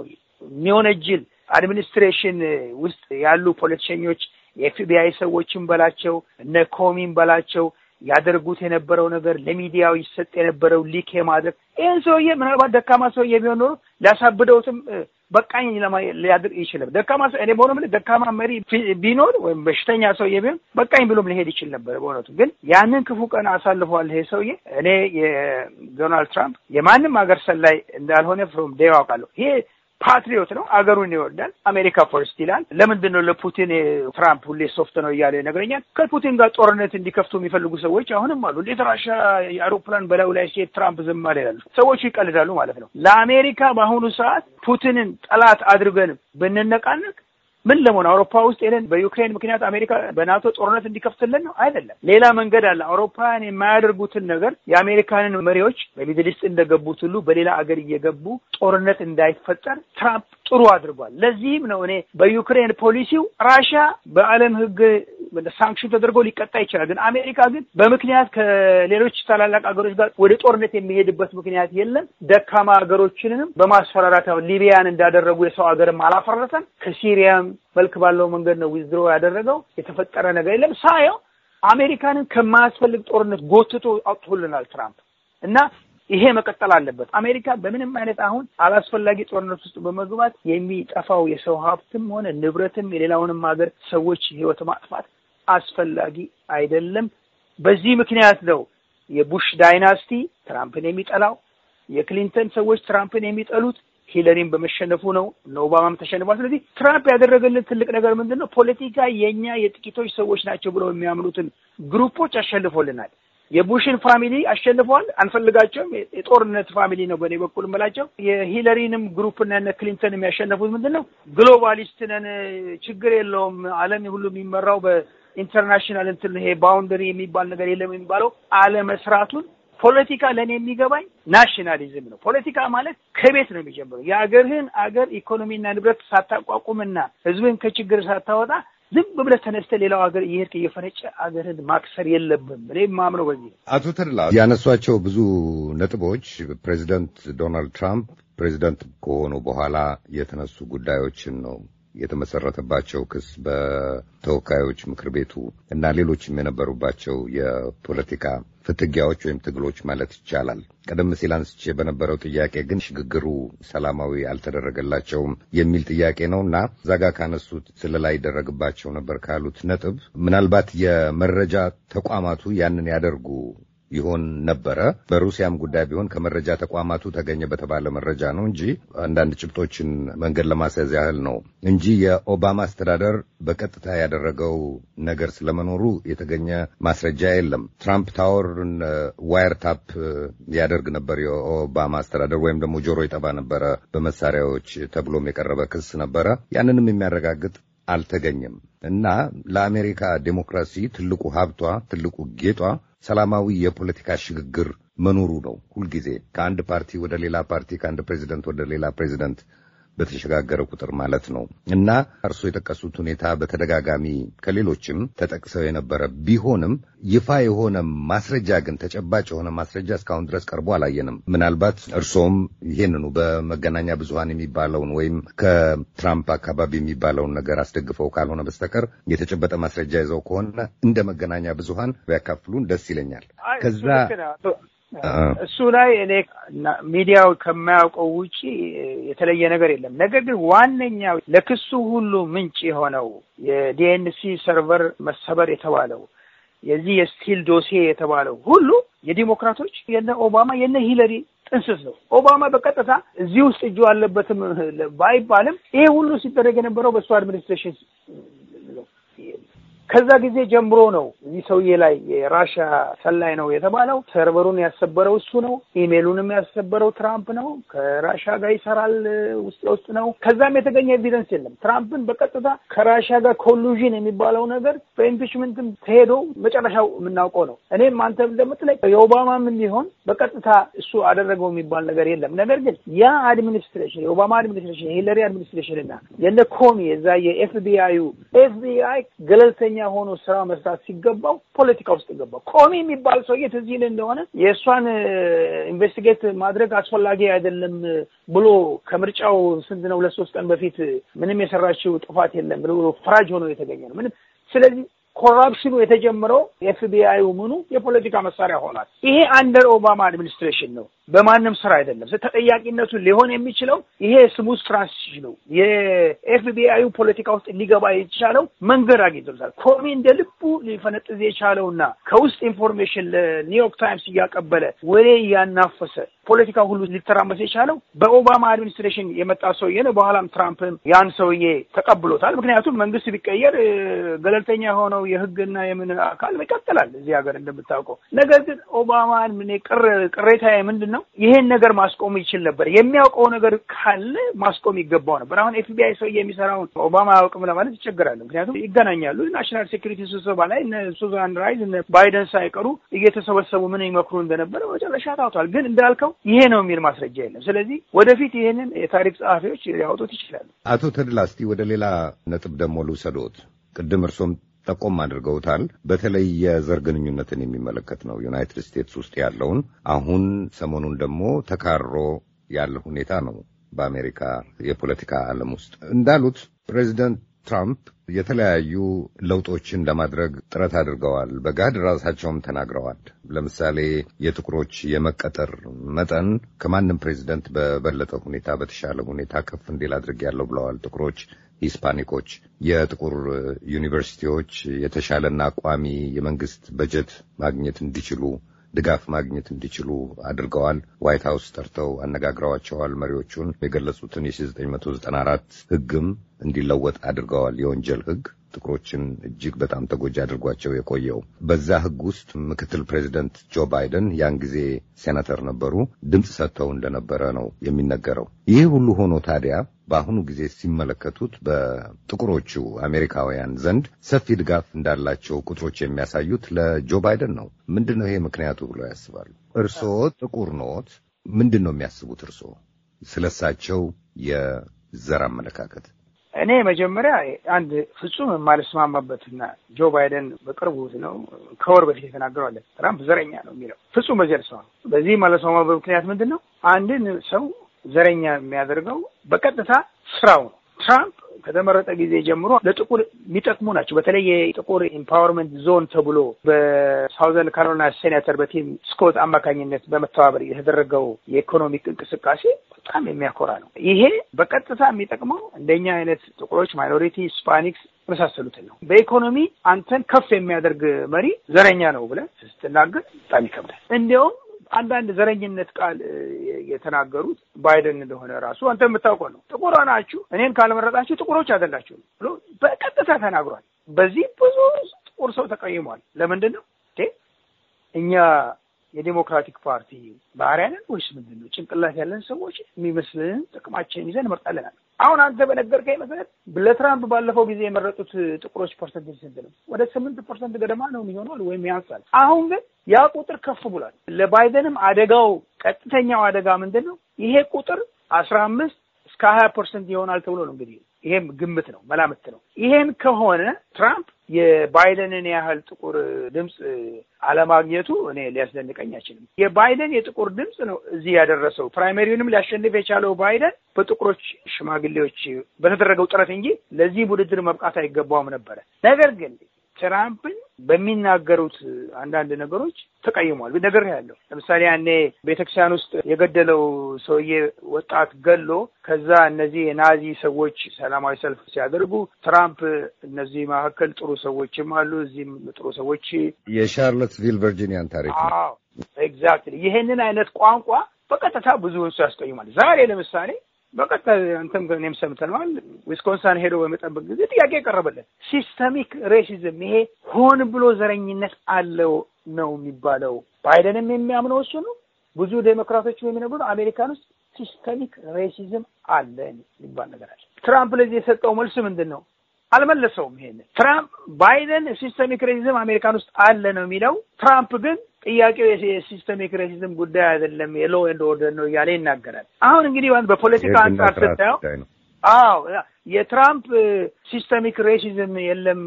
የሚሆነጅል አድሚኒስትሬሽን ውስጥ ያሉ ፖለቲሸኞች የኤፍቢአይ ሰዎችን በላቸው እነ ኮሚን በላቸው ያደርጉት የነበረው ነገር ለሚዲያው ይሰጥ የነበረው ሊክ የማድረግ ይህን ሰውዬ ምናልባት ደካማ ሰውዬ ቢሆን ኖሮ ሊያሳብደውትም በቃኝ ሊያድር ይችላል። ደካማ ሰው እኔ በሆነ ደካማ መሪ ቢኖር ወይም በሽተኛ ሰውዬ ቢሆን በቃኝ ብሎም ሊሄድ ይችል ነበር። በእውነቱ ግን ያንን ክፉ ቀን አሳልፏል ይሄ ሰውዬ። እኔ የዶናልድ ትራምፕ የማንም ሀገር ሰላይ እንዳልሆነ ፍሮም ዴ አውቃለሁ። ይሄ ፓትሪዮት ነው። አገሩን ይወዳል። አሜሪካ ፈርስት ይላል። ለምንድን ነው ለፑቲን ትራምፕ ሁሌ ሶፍት ነው እያለ ይነግረኛል። ከፑቲን ጋር ጦርነት እንዲከፍቱ የሚፈልጉ ሰዎች አሁንም አሉ። እንዴት ራሻ የአውሮፕላን በላዩ ላይ ሲሄድ ትራምፕ ዝም አለ ይላሉ። ሰዎቹ ይቀልዳሉ ማለት ነው። ለአሜሪካ በአሁኑ ሰዓት ፑቲንን ጠላት አድርገን ብንነቃነቅ ምን ለመሆን አውሮፓ ውስጥ ሄደን በዩክሬን ምክንያት አሜሪካ በናቶ ጦርነት እንዲከፍትልን ነው? አይደለም። ሌላ መንገድ አለ። አውሮፓውያን የማያደርጉትን ነገር የአሜሪካንን መሪዎች በሚድል ኢስት እንደገቡት ሁሉ በሌላ አገር እየገቡ ጦርነት እንዳይፈጠር ትራምፕ ጥሩ አድርጓል። ለዚህም ነው እኔ በዩክሬን ፖሊሲው ራሽያ በዓለም ሕግ ሳንክሽን ተደርጎ ሊቀጣ ይችላል። ግን አሜሪካ ግን በምክንያት ከሌሎች ታላላቅ ሀገሮች ጋር ወደ ጦርነት የሚሄድበት ምክንያት የለም። ደካማ ሀገሮችንም በማስፈራራት ሊቢያን እንዳደረጉ የሰው ሀገርም አላፈረሰም ከሲሪያም መልክ ባለው መንገድ ነው ዊዝድሮ ያደረገው። የተፈጠረ ነገር የለም። ሳየው አሜሪካንን ከማያስፈልግ ጦርነት ጎትቶ አውጥቶልናል ትራምፕ እና ይሄ መቀጠል አለበት። አሜሪካ በምንም አይነት አሁን አላስፈላጊ ጦርነት ውስጥ በመግባት የሚጠፋው የሰው ሀብትም ሆነ ንብረትም የሌላውንም ሀገር ሰዎች ህይወት ማጥፋት አስፈላጊ አይደለም። በዚህ ምክንያት ነው የቡሽ ዳይናስቲ ትራምፕን የሚጠላው፣ የክሊንተን ሰዎች ትራምፕን የሚጠሉት ሂለሪን በመሸነፉ ነው እነ ኦባማም ተሸንፏል። ስለዚህ ትራምፕ ያደረገልን ትልቅ ነገር ምንድን ነው? ፖለቲካ የእኛ የጥቂቶች ሰዎች ናቸው ብለው የሚያምኑትን ግሩፖች አሸንፎልናል። የቡሽን ፋሚሊ አሸንፈዋል። አንፈልጋቸውም፣ የጦርነት ፋሚሊ ነው በእኔ በኩል እምላቸው። የሂለሪንም ግሩፕና ነ ክሊንተን የሚያሸነፉት ምንድን ነው? ግሎባሊስት ነን፣ ችግር የለውም፣ ዓለም ሁሉ የሚመራው በኢንተርናሽናል እንትን ይሄ ባውንደሪ የሚባል ነገር የለም የሚባለው አለመስራቱን ፖለቲካ ለእኔ የሚገባኝ ናሽናሊዝም ነው። ፖለቲካ ማለት ከቤት ነው የሚጀምረው። የአገርህን አገር ኢኮኖሚና ንብረት ሳታቋቁምና ህዝብን ከችግር ሳታወጣ ዝም ብለህ ተነስተህ ሌላው ሀገር እየሄድክ እየፈነጨ ሀገርን ማክሰር የለብም። እኔ የማምነው በዚህ አቶ ተድላ ያነሷቸው ብዙ ነጥቦች ፕሬዚደንት ዶናልድ ትራምፕ ፕሬዚደንት ከሆኑ በኋላ የተነሱ ጉዳዮችን ነው የተመሰረተባቸው ክስ በተወካዮች ምክር ቤቱ እና ሌሎችም የነበሩባቸው የፖለቲካ ፍትጊያዎች ወይም ትግሎች ማለት ይቻላል። ቀደም ሲል አንስቼ በነበረው ጥያቄ ግን ሽግግሩ ሰላማዊ አልተደረገላቸውም የሚል ጥያቄ ነው እና እዛ ጋር ካነሱት ስለላ ይደረግባቸው ነበር ካሉት ነጥብ ምናልባት የመረጃ ተቋማቱ ያንን ያደርጉ ይሆን ነበረ። በሩሲያም ጉዳይ ቢሆን ከመረጃ ተቋማቱ ተገኘ በተባለ መረጃ ነው እንጂ አንዳንድ ጭብጦችን መንገድ ለማስያዝ ያህል ነው እንጂ የኦባማ አስተዳደር በቀጥታ ያደረገው ነገር ስለመኖሩ የተገኘ ማስረጃ የለም። ትራምፕ ታወርን ዋየር ታፕ ያደርግ ነበር የኦባማ አስተዳደር ወይም ደግሞ ጆሮ ይጠባ ነበረ በመሳሪያዎች ተብሎም የቀረበ ክስ ነበረ። ያንንም የሚያረጋግጥ አልተገኘም እና ለአሜሪካ ዴሞክራሲ ትልቁ ሀብቷ፣ ትልቁ ጌጧ ሰላማዊ የፖለቲካ ሽግግር መኖሩ ነው። ሁልጊዜ ከአንድ ፓርቲ ወደ ሌላ ፓርቲ፣ ከአንድ ፕሬዚደንት ወደ ሌላ ፕሬዚደንት በተሸጋገረ ቁጥር ማለት ነው እና እርሶ የጠቀሱት ሁኔታ በተደጋጋሚ ከሌሎችም ተጠቅሰው የነበረ ቢሆንም ይፋ የሆነ ማስረጃ ግን ተጨባጭ የሆነ ማስረጃ እስካሁን ድረስ ቀርቦ አላየንም። ምናልባት እርሶም ይህንኑ በመገናኛ ብዙሃን የሚባለውን ወይም ከትራምፕ አካባቢ የሚባለውን ነገር አስደግፈው ካልሆነ በስተቀር የተጨበጠ ማስረጃ ይዘው ከሆነ እንደ መገናኛ ብዙሃን ቢያካፍሉን ደስ ይለኛል። ከዛ እሱ ላይ እኔ ሚዲያው ከማያውቀው ውጪ የተለየ ነገር የለም። ነገር ግን ዋነኛው ለክሱ ሁሉ ምንጭ የሆነው የዲኤንሲ ሰርቨር መሰበር የተባለው የዚህ የስቲል ዶሴ የተባለው ሁሉ የዲሞክራቶች የነ ኦባማ የነ ሂለሪ ጥንስስ ነው። ኦባማ በቀጥታ እዚህ ውስጥ እጁ አለበትም ባይባልም ይሄ ሁሉ ሲደረግ የነበረው በእሱ አድሚኒስትሬሽን ከዛ ጊዜ ጀምሮ ነው እዚህ ሰውዬ ላይ የራሻ ሰላይ ነው የተባለው። ሰርቨሩን ያሰበረው እሱ ነው። ኢሜሉንም ያሰበረው ትራምፕ ነው። ከራሻ ጋር ይሰራል ውስጥ ለውስጥ ነው። ከዛም የተገኘ ኤቪደንስ የለም። ትራምፕን በቀጥታ ከራሻ ጋር ኮሉዥን የሚባለው ነገር በኢምፒችመንትም ተሄዶ መጨረሻው የምናውቀው ነው። እኔም አንተ እንደምትለይ የኦባማም ቢሆን በቀጥታ እሱ አደረገው የሚባል ነገር የለም። ነገር ግን ያ አድሚኒስትሬሽን የኦባማ አድሚኒስትሬሽን የሂለሪ አድሚኒስትሬሽን እና የነ ኮሚ የዛ የኤፍቢአዩ ኤፍቢአይ ገለልተኛ ፖለቲከኛ ሆኖ ስራ መስራት ሲገባው ፖለቲካ ውስጥ ገባው። ኮሚ የሚባል ሰውዬ ትዝ ይል እንደሆነ የእሷን ኢንቨስቲጌት ማድረግ አስፈላጊ አይደለም ብሎ ከምርጫው ስንት ነው ሁለት ሶስት ቀን በፊት ምንም የሰራችው ጥፋት የለም ብሎ ፈራጅ ሆኖ የተገኘ ነው። ምንም ስለዚህ ኮራፕሽኑ የተጀመረው ኤፍቢአይ ምኑ የፖለቲካ መሳሪያ ሆኗል። ይሄ አንደር ኦባማ አድሚኒስትሬሽን ነው። በማንም ስራ አይደለም። ተጠያቂነቱ ሊሆን የሚችለው ይሄ ስሙዝ ትራንዚሽን ነው። የኤፍቢአዩ ፖለቲካ ውስጥ ሊገባ የቻለው መንገድ አግኝቶታል። ኮሚ እንደ ልቡ ሊፈነጥዝ የቻለውና ከውስጥ ኢንፎርሜሽን ለኒውዮርክ ታይምስ እያቀበለ ወሬ እያናፈሰ ፖለቲካ ሁሉ ሊተራመስ የቻለው በኦባማ አድሚኒስትሬሽን የመጣ ሰውዬ ነው። በኋላም ትራምፕም ያን ሰውዬ ተቀብሎታል። ምክንያቱም መንግስት ቢቀየር ገለልተኛ የሆነው የህግና የምን አካል ይቀጥላል እዚህ ሀገር እንደምታውቀው። ነገር ግን ኦባማን ቅሬታ ምንድን ነው። ይሄን ነገር ማስቆም ይችል ነበር። የሚያውቀው ነገር ካለ ማስቆም ይገባው ነበር። አሁን ኤፍቢአይ ሰው የሚሰራውን ኦባማ አያውቅም ለማለት ይቸግራል። ምክንያቱም ይገናኛሉ። ናሽናል ሴኩሪቲ ስብሰባ ላይ እነ ሱዛን ራይዝ እነ ባይደን ሳይቀሩ እየተሰበሰቡ ምን ይመክሩ እንደነበረ መጨረሻ ታውቷል። ግን እንዳልከው ይሄ ነው የሚል ማስረጃ የለም። ስለዚህ ወደፊት ይሄንን የታሪክ ጸሐፊዎች ሊያወጡት ይችላሉ። አቶ ተድላ እስቲ ወደ ሌላ ነጥብ ደግሞ ልውሰዶት። ቅድም እርሶም ጠቆም አድርገውታል። በተለይ የዘር ግንኙነትን የሚመለከት ነው ዩናይትድ ስቴትስ ውስጥ ያለውን። አሁን ሰሞኑን ደግሞ ተካሮ ያለ ሁኔታ ነው በአሜሪካ የፖለቲካ ዓለም ውስጥ እንዳሉት ፕሬዚደንት ትራምፕ የተለያዩ ለውጦችን ለማድረግ ጥረት አድርገዋል። በጋድ ራሳቸውም ተናግረዋል። ለምሳሌ የጥቁሮች የመቀጠር መጠን ከማንም ፕሬዚደንት በበለጠ ሁኔታ በተሻለ ሁኔታ ከፍ እንዲል ያለው ብለዋል። ጥቁሮች ሂስፓኒኮች የጥቁር ዩኒቨርሲቲዎች የተሻለና ቋሚ የመንግስት በጀት ማግኘት እንዲችሉ ድጋፍ ማግኘት እንዲችሉ አድርገዋል። ዋይት ሀውስ ጠርተው አነጋግረዋቸዋል። መሪዎቹን የገለጹትን የ1994 ህግም እንዲለወጥ አድርገዋል። የወንጀል ህግ ጥቁሮችን እጅግ በጣም ተጎጂ አድርጓቸው የቆየው። በዛ ህግ ውስጥ ምክትል ፕሬዚደንት ጆ ባይደን ያን ጊዜ ሴናተር ነበሩ፣ ድምፅ ሰጥተው እንደነበረ ነው የሚነገረው። ይህ ሁሉ ሆኖ ታዲያ በአሁኑ ጊዜ ሲመለከቱት በጥቁሮቹ አሜሪካውያን ዘንድ ሰፊ ድጋፍ እንዳላቸው ቁጥሮች የሚያሳዩት ለጆ ባይደን ነው። ምንድን ነው ይሄ ምክንያቱ ብለው ያስባሉ? እርስዎ ጥቁር ኖት፣ ምንድን ነው የሚያስቡት እርስዎ ስለሳቸው የዘር አመለካከት? እኔ መጀመሪያ አንድ ፍጹም የማልስማማበትና ጆ ባይደን በቅርቡ ነው ከወር በፊት የተናገረዋለን ትራምፕ ዘረኛ ነው የሚለው ፍጹም በዚህ በዚህ የማልስማማበት ምክንያት ምንድን ነው? አንድን ሰው ዘረኛ የሚያደርገው በቀጥታ ስራው ነው። ትራምፕ ከተመረጠ ጊዜ ጀምሮ ለጥቁር የሚጠቅሙ ናቸው። በተለይ የጥቁር ኢምፓወርመንት ዞን ተብሎ በሳውዘርን ካሮላይና ሴናተር በቲም ስኮት አማካኝነት በመተባበር የተደረገው የኢኮኖሚክ እንቅስቃሴ በጣም የሚያኮራ ነው። ይሄ በቀጥታ የሚጠቅመው እንደኛ አይነት ጥቁሮች፣ ማይኖሪቲ፣ ስፓኒክስ የመሳሰሉትን ነው። በኢኮኖሚ አንተን ከፍ የሚያደርግ መሪ ዘረኛ ነው ብለን ስትናገር በጣም ይከብዳል። እንዲያውም አንዳንድ ዘረኝነት ቃል የተናገሩት ባይደን እንደሆነ ራሱ አንተ የምታውቀው ነው። ጥቁር ናችሁ እኔን ካልመረጣችሁ ጥቁሮች አይደላችሁም ብሎ በቀጥታ ተናግሯል። በዚህ ብዙ ጥቁር ሰው ተቀይሟል። ለምንድን ነው እኛ የዴሞክራቲክ ፓርቲ ባህሪያ ወይስ ምንድን ነው? ጭንቅላት ያለን ሰዎች የሚመስልን ጥቅማችንን ይዘን እንመርጣለን። አሁን አንተ በነገርከኝ መሰረት ለትራምፕ ባለፈው ጊዜ የመረጡት ጥቁሮች ፐርሰንቴጅ ስንት ነው? ወደ ስምንት ፐርሰንት ገደማ ነው የሚሆነዋል ወይም ያንሳል። አሁን ግን ያ ቁጥር ከፍ ብሏል። ለባይደንም አደጋው ቀጥተኛው አደጋ ምንድን ነው? ይሄ ቁጥር አስራ አምስት እስከ ሀያ ፐርሰንት ይሆናል ተብሎ ነው እንግዲህ ይሄም ግምት ነው፣ መላምት ነው። ይሄን ከሆነ ትራምፕ የባይደንን ያህል ጥቁር ድምፅ አለማግኘቱ እኔ ሊያስደንቀኝ አይችልም። የባይደን የጥቁር ድምፅ ነው እዚህ ያደረሰው። ፕራይመሪውንም ሊያሸንፍ የቻለው ባይደን በጥቁሮች ሽማግሌዎች በተደረገው ጥረት እንጂ ለዚህ ውድድር መብቃት አይገባውም ነበረ። ነገር ግን ትራምፕን በሚናገሩት አንዳንድ ነገሮች ተቀይሟል። ነገር ያለው ለምሳሌ ያኔ ቤተክርስቲያን ውስጥ የገደለው ሰውዬ ወጣት ገሎ ከዛ እነዚህ የናዚ ሰዎች ሰላማዊ ሰልፍ ሲያደርጉ ትራምፕ እነዚህ መካከል ጥሩ ሰዎችም አሉ፣ እዚህም ጥሩ ሰዎች የሻርሎትስቪል ቨርጂኒያን ታሪክ ኤግዛክትሊ ይሄንን አይነት ቋንቋ በቀጥታ ብዙውን ሰው ያስቀይማል። ዛሬ ለምሳሌ በቀጣይ አንተም እኔም ሰምተነዋል። ዊስኮንሳን ሄዶ በመጠበቅ ጊዜ ጥያቄ የቀረበለት ሲስተሚክ ሬሲዝም ይሄ ሆን ብሎ ዘረኝነት አለው ነው የሚባለው። ባይደንም የሚያምነው እሱ ነው። ብዙ ዴሞክራቶች የሚነግሩ አሜሪካን ውስጥ ሲስተሚክ ሬሲዝም አለ የሚባል ነገር አለ። ትራምፕ ለዚህ የሰጠው መልስ ምንድን ነው? አልመለሰውም። ይሄን ትራምፕ ባይደን ሲስተሚክ ሬሲዝም አሜሪካን ውስጥ አለ ነው የሚለው። ትራምፕ ግን ጥያቄው የሲስተሚክ ሬሲዝም ጉዳይ አይደለም የሎ ኤንድ ኦርደር ነው እያለ ይናገራል። አሁን እንግዲህ በፖለቲካ አንጻር ስታየው፣ አዎ የትራምፕ ሲስተሚክ ሬሲዝም የለም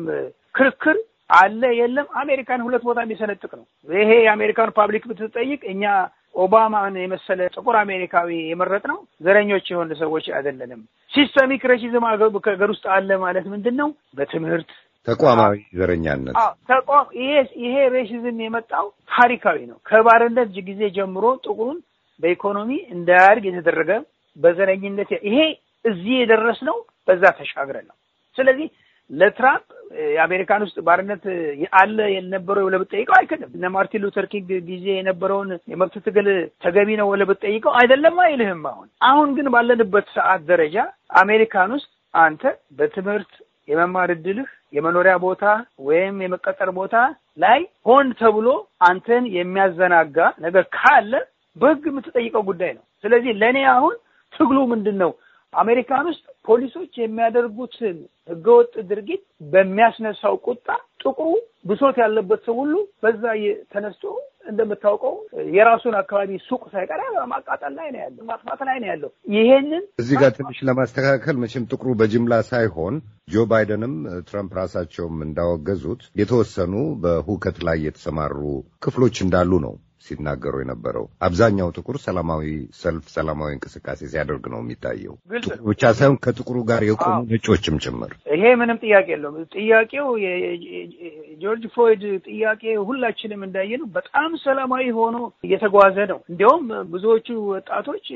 ክርክር አለ የለም አሜሪካን ሁለት ቦታ የሚሰነጥቅ ነው። ይሄ የአሜሪካን ፓብሊክ ብትጠይቅ እኛ ኦባማን የመሰለ ጥቁር አሜሪካዊ የመረጥ ነው ዘረኞች የሆነ ሰዎች አይደለንም። ሲስተሚክ ሬሲዝም ከሀገር ውስጥ አለ ማለት ምንድን ነው? በትምህርት ተቋማዊ ዘረኛነት ተቋም ይሄ ሬሲዝም የመጣው ታሪካዊ ነው። ከባርነት ጊዜ ጀምሮ ጥቁሩን በኢኮኖሚ እንዳያድግ የተደረገ በዘረኝነት ይሄ እዚህ የደረስ ነው። በዛ ተሻግረን ነው። ስለዚህ ለትራምፕ የአሜሪካን ውስጥ ባርነት አለ የነበረው ለብጠይቀው አይክድም። እነ ማርቲን ሉተር ኪንግ ጊዜ የነበረውን የመብት ትግል ተገቢ ነው ለብጠይቀው አይደለም አይልህም። አሁን አሁን ግን ባለንበት ሰዓት ደረጃ አሜሪካን ውስጥ አንተ በትምህርት የመማር እድልህ የመኖሪያ ቦታ ወይም የመቀጠር ቦታ ላይ ሆን ተብሎ አንተን የሚያዘናጋ ነገር ካለ በህግ የምትጠይቀው ጉዳይ ነው። ስለዚህ ለእኔ አሁን ትግሉ ምንድን ነው? አሜሪካን ውስጥ ፖሊሶች የሚያደርጉትን ህገወጥ ድርጊት በሚያስነሳው ቁጣ ጥቁሩ ብሶት ያለበት ሰው ሁሉ በዛ ተነስቶ እንደምታውቀው የራሱን አካባቢ ሱቅ ሳይቀር ማቃጠል ላይ ነው ያለው፣ ማጥፋት ላይ ነው ያለው። ይሄንን እዚህ ጋር ትንሽ ለማስተካከል መቼም ጥቁሩ በጅምላ ሳይሆን ጆ ባይደንም ትራምፕ ራሳቸውም እንዳወገዙት የተወሰኑ በሁከት ላይ የተሰማሩ ክፍሎች እንዳሉ ነው ሲናገሩ የነበረው። አብዛኛው ጥቁር ሰላማዊ ሰልፍ፣ ሰላማዊ እንቅስቃሴ ሲያደርግ ነው የሚታየው። ጥቁር ብቻ ሳይሆን ከጥቁሩ ጋር የቆሙ ነጮችም ጭምር። ይሄ ምንም ጥያቄ የለውም። ጥያቄው የጆርጅ ፍሎይድ ጥያቄ ሁላችንም እንዳየነው በጣም ሰላማዊ ሆኖ እየተጓዘ ነው። እንዲያውም ብዙዎቹ ወጣቶች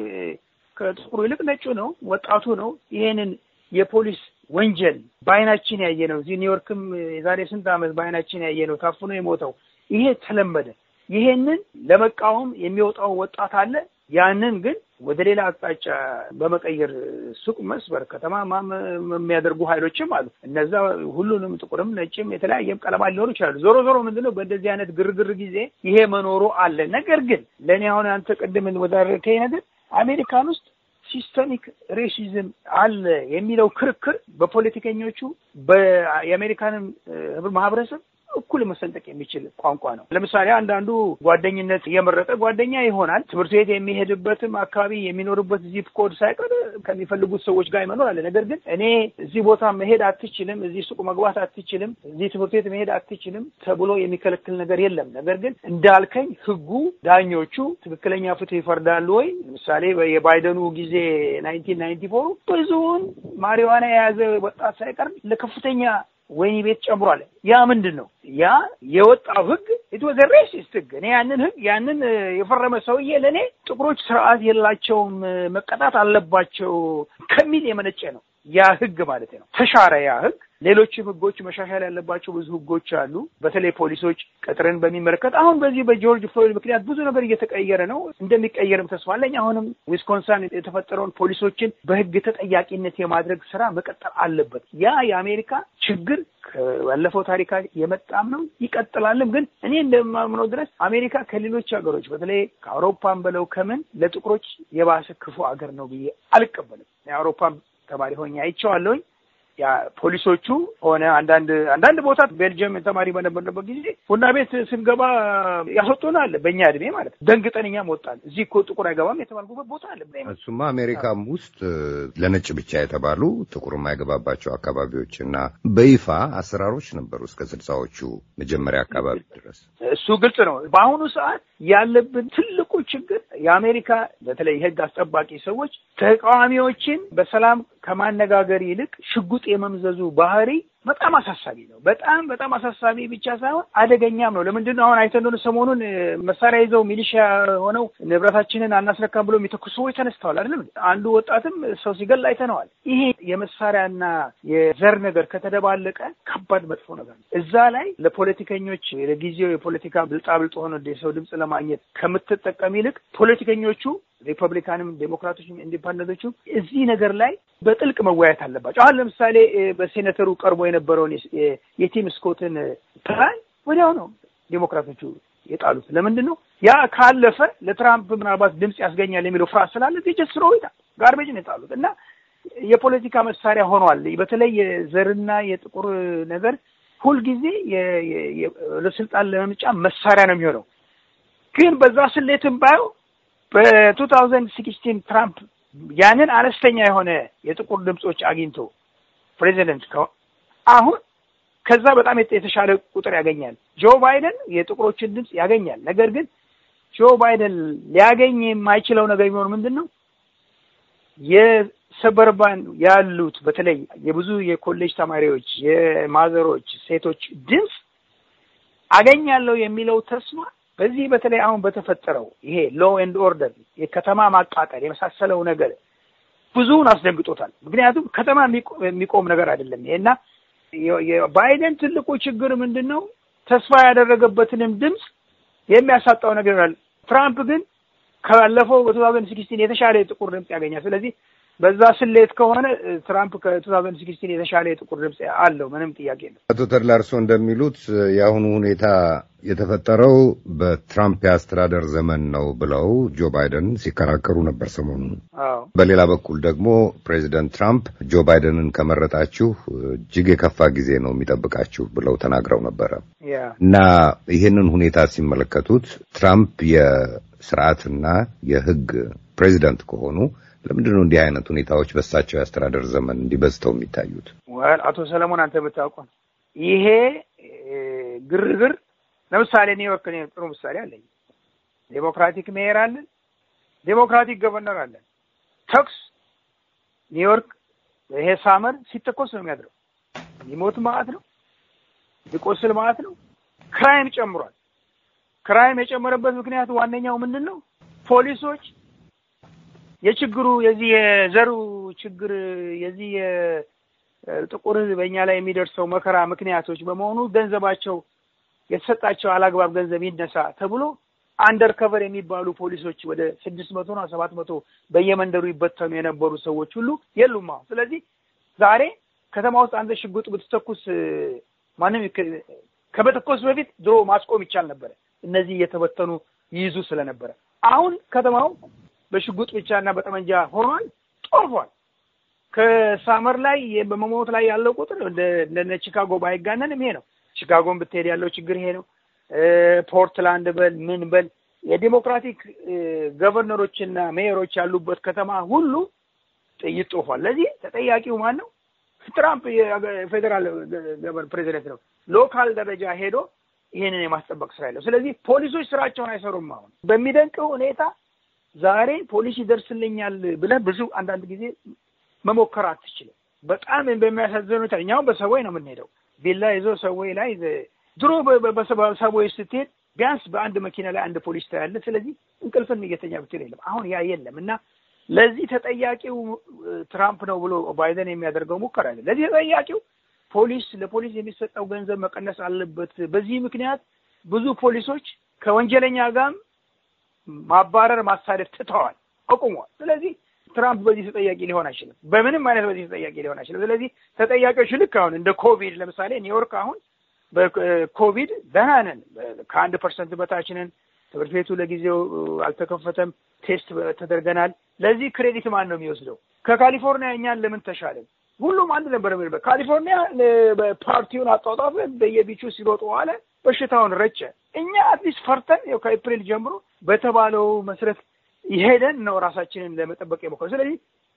ከጥቁሩ ይልቅ ነጩ ነው ወጣቱ ነው ይሄንን የፖሊስ ወንጀል በአይናችን ያየ ነው። እዚህ ኒውዮርክም የዛሬ ስንት ዓመት በአይናችን ያየ ነው። ታፍኖ የሞተው ይሄ ተለመደ። ይሄንን ለመቃወም የሚወጣው ወጣት አለ። ያንን ግን ወደ ሌላ አቅጣጫ በመቀየር ሱቅ መስበር፣ ከተማ የሚያደርጉ ኃይሎችም አሉ። እነዛ ሁሉንም ጥቁርም፣ ነጭም የተለያየም ቀለማ ሊኖሩ ይችላሉ። ዞሮ ዞሮ ምንድነው በእንደዚህ አይነት ግርግር ጊዜ ይሄ መኖሩ አለ። ነገር ግን ለእኔ አሁን አንተ ቅድም ወዳርከኝ ነገር አሜሪካን ውስጥ ሲስተሚክ ሬሲዝም አለ የሚለው ክርክር በፖለቲከኞቹ የአሜሪካንን ህብር ማህበረሰብ እኩል መሰንጠቅ የሚችል ቋንቋ ነው። ለምሳሌ አንዳንዱ ጓደኝነት የመረጠ ጓደኛ ይሆናል። ትምህርት ቤት የሚሄድበትም አካባቢ የሚኖርበት ዚፕ ኮድ ሳይቀር ከሚፈልጉት ሰዎች ጋር ይመኖር አለ። ነገር ግን እኔ እዚህ ቦታ መሄድ አትችልም፣ እዚህ ሱቅ መግባት አትችልም፣ እዚህ ትምህርት ቤት መሄድ አትችልም ተብሎ የሚከለክል ነገር የለም። ነገር ግን እንዳልከኝ ህጉ፣ ዳኞቹ ትክክለኛ ፍትህ ይፈርዳሉ ወይ? ለምሳሌ የባይደኑ ጊዜ ናይንቲን ናይንቲ ፎሩ ብዙውን ማሪዋና የያዘ ወጣት ሳይቀር ለከፍተኛ ወይኒ ቤት ጨምሯል። ያ ምንድን ነው? ያ የወጣው ህግ ኢትወዘ ሬሲስት ህግ። እኔ ያንን ህግ ያንን የፈረመ ሰውዬ ለእኔ ጥቁሮች ስርዓት የላቸውም መቀጣት አለባቸው ከሚል የመነጨ ነው ያ ህግ ማለት ነው። ተሻረ ያ ህግ ሌሎችም ህጎች መሻሻል ያለባቸው ብዙ ህጎች አሉ። በተለይ ፖሊሶች ቅጥርን በሚመለከት አሁን በዚህ በጆርጅ ፍሎይድ ምክንያት ብዙ ነገር እየተቀየረ ነው። እንደሚቀየርም ተስፋ አለኝ። አሁንም ዊስኮንሳን የተፈጠረውን ፖሊሶችን በህግ ተጠያቂነት የማድረግ ስራ መቀጠል አለበት። ያ የአሜሪካ ችግር ባለፈው ታሪካ የመጣም ነው ይቀጥላልም። ግን እኔ እንደማምነው ድረስ አሜሪካ ከሌሎች ሀገሮች በተለይ ከአውሮፓን በለው ከምን ለጥቁሮች የባሰ ክፉ ሀገር ነው ብዬ አልቀበልም። የአውሮፓን ተማሪ ሆኜ አይቼዋለሁኝ። ፖሊሶቹ ሆነ አንዳንድ አንዳንድ ቦታ ቤልጅየም ተማሪ በነበርንበት ጊዜ ቡና ቤት ስንገባ ያስወጡናል። በእኛ እድሜ ማለት ደንግጠን እኛም ወጣን። እዚህ እኮ ጥቁር አይገባም የተባልኩበት ቦታ አለ። እሱማ አሜሪካም ውስጥ ለነጭ ብቻ የተባሉ ጥቁር የማይገባባቸው አካባቢዎች እና በይፋ አሰራሮች ነበሩ እስከ ስልሳዎቹ መጀመሪያ አካባቢ ድረስ። እሱ ግልጽ ነው። በአሁኑ ሰዓት ያለብን ትልቁ ችግር የአሜሪካ በተለይ የህግ አስጠባቂ ሰዎች ተቃዋሚዎችን በሰላም ከማነጋገር ይልቅ ሽጉጥ የመምዘዙ ባህሪ በጣም አሳሳቢ ነው። በጣም በጣም አሳሳቢ ብቻ ሳይሆን አደገኛም ነው። ለምንድን ነው አሁን አይተህ እንደሆነ ሰሞኑን መሳሪያ ይዘው ሚሊሻ ሆነው ንብረታችንን አናስረካም ብሎ የሚተኩሱ ሰዎች ተነስተዋል አይደለም። አንዱ ወጣትም ሰው ሲገል አይተነዋል። ይሄ የመሳሪያና የዘር ነገር ከተደባለቀ ከባድ መጥፎ ነገር ነው። እዛ ላይ ለፖለቲከኞች ለጊዜው የፖለቲካ ብልጣብልጥ ሆነ የሰው ድምፅ ለማግኘት ከምትጠቀም ይልቅ ፖለቲከኞቹ ሪፐብሊካንም ዴሞክራቶችም ኢንዲፓንደንቶቹ እዚህ ነገር ላይ በጥልቅ መወያየት አለባቸው። አሁን ለምሳሌ በሴኔተሩ ቀርቦ የነበረውን የቲም ስኮትን ፕላን ወዲያው ነው ዴሞክራቶቹ የጣሉት። ለምንድን ነው ያ ካለፈ ለትራምፕ ምናልባት ድምፅ ያስገኛል የሚለው ፍራ ስላለ ጀስሮ ይታል ጋርቤጅ ነው የጣሉት እና የፖለቲካ መሳሪያ ሆኗል። በተለይ የዘርና የጥቁር ነገር ሁልጊዜ ለስልጣን ለመምጫ መሳሪያ ነው የሚሆነው። ግን በዛ ስሌትም ባየው በቱ ታውዘንድ ሲክስቲን ትራምፕ ያንን አነስተኛ የሆነ የጥቁር ድምፆች አግኝቶ ፕሬዚደንት አሁን ከዛ በጣም የተሻለ ቁጥር ያገኛል። ጆ ባይደን የጥቁሮችን ድምፅ ያገኛል። ነገር ግን ጆ ባይደን ሊያገኝ የማይችለው ነገር የሚሆን ምንድን ነው? የሰበርባን ያሉት በተለይ የብዙ የኮሌጅ ተማሪዎች፣ የማዘሮች፣ ሴቶች ድምፅ አገኛለሁ የሚለው ተስፋ በዚህ በተለይ አሁን በተፈጠረው ይሄ ሎ ኤንድ ኦርደር የከተማ ማቃጠል የመሳሰለው ነገር ብዙውን አስደንግጦታል። ምክንያቱም ከተማ የሚቆም ነገር አይደለም ይሄ እና የባይደን ትልቁ ችግር ምንድን ነው? ተስፋ ያደረገበትንም ድምፅ የሚያሳጣው ነገር ትራምፕ ግን ካለፈው በቱ ሲክስቲን የተሻለ የጥቁር ድምፅ ያገኛል። ስለዚህ በዛ ስሌት ከሆነ ትራምፕ ከቱ ታውዘንድ ሲክስቲን የተሻለ የጥቁር ድምፅ አለው። ምንም ጥያቄ ነው። አቶ ተድላ እርስዎ እንደሚሉት የአሁኑ ሁኔታ የተፈጠረው በትራምፕ የአስተዳደር ዘመን ነው ብለው ጆ ባይደን ሲከራከሩ ነበር ሰሞኑን። በሌላ በኩል ደግሞ ፕሬዚደንት ትራምፕ ጆ ባይደንን ከመረጣችሁ እጅግ የከፋ ጊዜ ነው የሚጠብቃችሁ ብለው ተናግረው ነበረ እና ይህንን ሁኔታ ሲመለከቱት ትራምፕ የስርዓትና የህግ ፕሬዚደንት ከሆኑ ለምንድን ነው እንዲህ አይነት ሁኔታዎች በሳቸው የአስተዳደር ዘመን እንዲበዝተው የሚታዩት? ወል አቶ ሰለሞን አንተ ብታውቀው ይሄ ግርግር ለምሳሌ ኒውዮርክ ጥሩ ምሳሌ አለኝ። ዴሞክራቲክ ሜየር አለን፣ ዴሞክራቲክ ገቨርነር አለን። ተኩስ ኒውዮርክ ይሄ ሳመር ሲተኮስ ነው የሚያድረው። ሊሞት ማለት ነው፣ ሊቆስል ማለት ነው። ክራይም ጨምሯል። ክራይም የጨመረበት ምክንያት ዋነኛው ምንድን ነው? ፖሊሶች የችግሩ የዚህ የዘሩ ችግር የዚህ የጥቁር ህዝብ በእኛ ላይ የሚደርሰው መከራ ምክንያቶች በመሆኑ ገንዘባቸው የተሰጣቸው አላግባብ ገንዘብ ይነሳ ተብሎ አንደር ከቨር የሚባሉ ፖሊሶች ወደ ስድስት መቶ ና ሰባት መቶ በየመንደሩ ይበተኑ የነበሩ ሰዎች ሁሉ የሉም ስለዚህ ዛሬ ከተማ ውስጥ አንተ ሽጉጥ ብትተኩስ ማንም ከመተኮስ በፊት ድሮ ማስቆም ይቻል ነበረ፣ እነዚህ እየተበተኑ ይይዙ ስለነበረ። አሁን ከተማው በሽጉጥ ብቻና በጠመንጃ ሆኗል፣ ጦርፏል። ከሳመር ላይ በመሞት ላይ ያለው ቁጥር እንደ ቺካጎ ባይጋነንም ይሄ ነው። ቺካጎን ብትሄድ ያለው ችግር ይሄ ነው። ፖርትላንድ በል ምን በል የዲሞክራቲክ ገቨርነሮችና ሜየሮች ያሉበት ከተማ ሁሉ ጥይት ጦፏል። ለዚህ ተጠያቂው ማን ነው? ትራምፕ የፌዴራል ገቨር ፕሬዚደንት ነው። ሎካል ደረጃ ሄዶ ይሄንን የማስጠበቅ ስራ የለው። ስለዚህ ፖሊሶች ስራቸውን አይሰሩም። አሁን በሚደንቅ ሁኔታ ዛሬ ፖሊስ ይደርስልኛል ብለህ ብዙ አንዳንድ ጊዜ መሞከር አትችልም። በጣም በሚያሳዝኑ ሁኔታ እኛውም ነው የምንሄደው። ቢላ ይዞ ሰቦይ ላይ ድሮ በሰቦይ ስትሄድ ቢያንስ በአንድ መኪና ላይ አንድ ፖሊስ ታያለ። ስለዚህ እንቅልፍን እየተኛ ብትል የለም። አሁን ያ የለም እና ለዚህ ተጠያቂው ትራምፕ ነው ብሎ ባይደን የሚያደርገው ሙከራ አለ። ለዚህ ተጠያቂው ፖሊስ ለፖሊስ የሚሰጠው ገንዘብ መቀነስ አለበት። በዚህ ምክንያት ብዙ ፖሊሶች ከወንጀለኛ ጋርም ማባረር ማሳደድ ትተዋል፣ አቁሟል። ስለዚህ ትራምፕ በዚህ ተጠያቂ ሊሆን አይችልም። በምንም አይነት በዚህ ተጠያቂ ሊሆን አይችልም። ስለዚህ ተጠያቂዎች ልክ አሁን እንደ ኮቪድ ለምሳሌ ኒውዮርክ አሁን በኮቪድ ደህና ነን፣ ከአንድ ፐርሰንት በታችንን፣ ትምህርት ቤቱ ለጊዜው አልተከፈተም፣ ቴስት ተደርገናል። ለዚህ ክሬዲት ማን ነው የሚወስደው? ከካሊፎርኒያ እኛን ለምን ተሻለን? ሁሉም አንድ ነበር የሚልበት ካሊፎርኒያ ፓርቲውን አጧጧፈ፣ በየቢቹ ሲሮጥ ዋለ። በሽታውን ረጨ። እኛ አዲስ ፈርተን ያው ከኤፕሪል ጀምሮ በተባለው መሰረት ይሄደን ነው ራሳችንን ለመጠበቅ የሞከሩ። ስለዚህ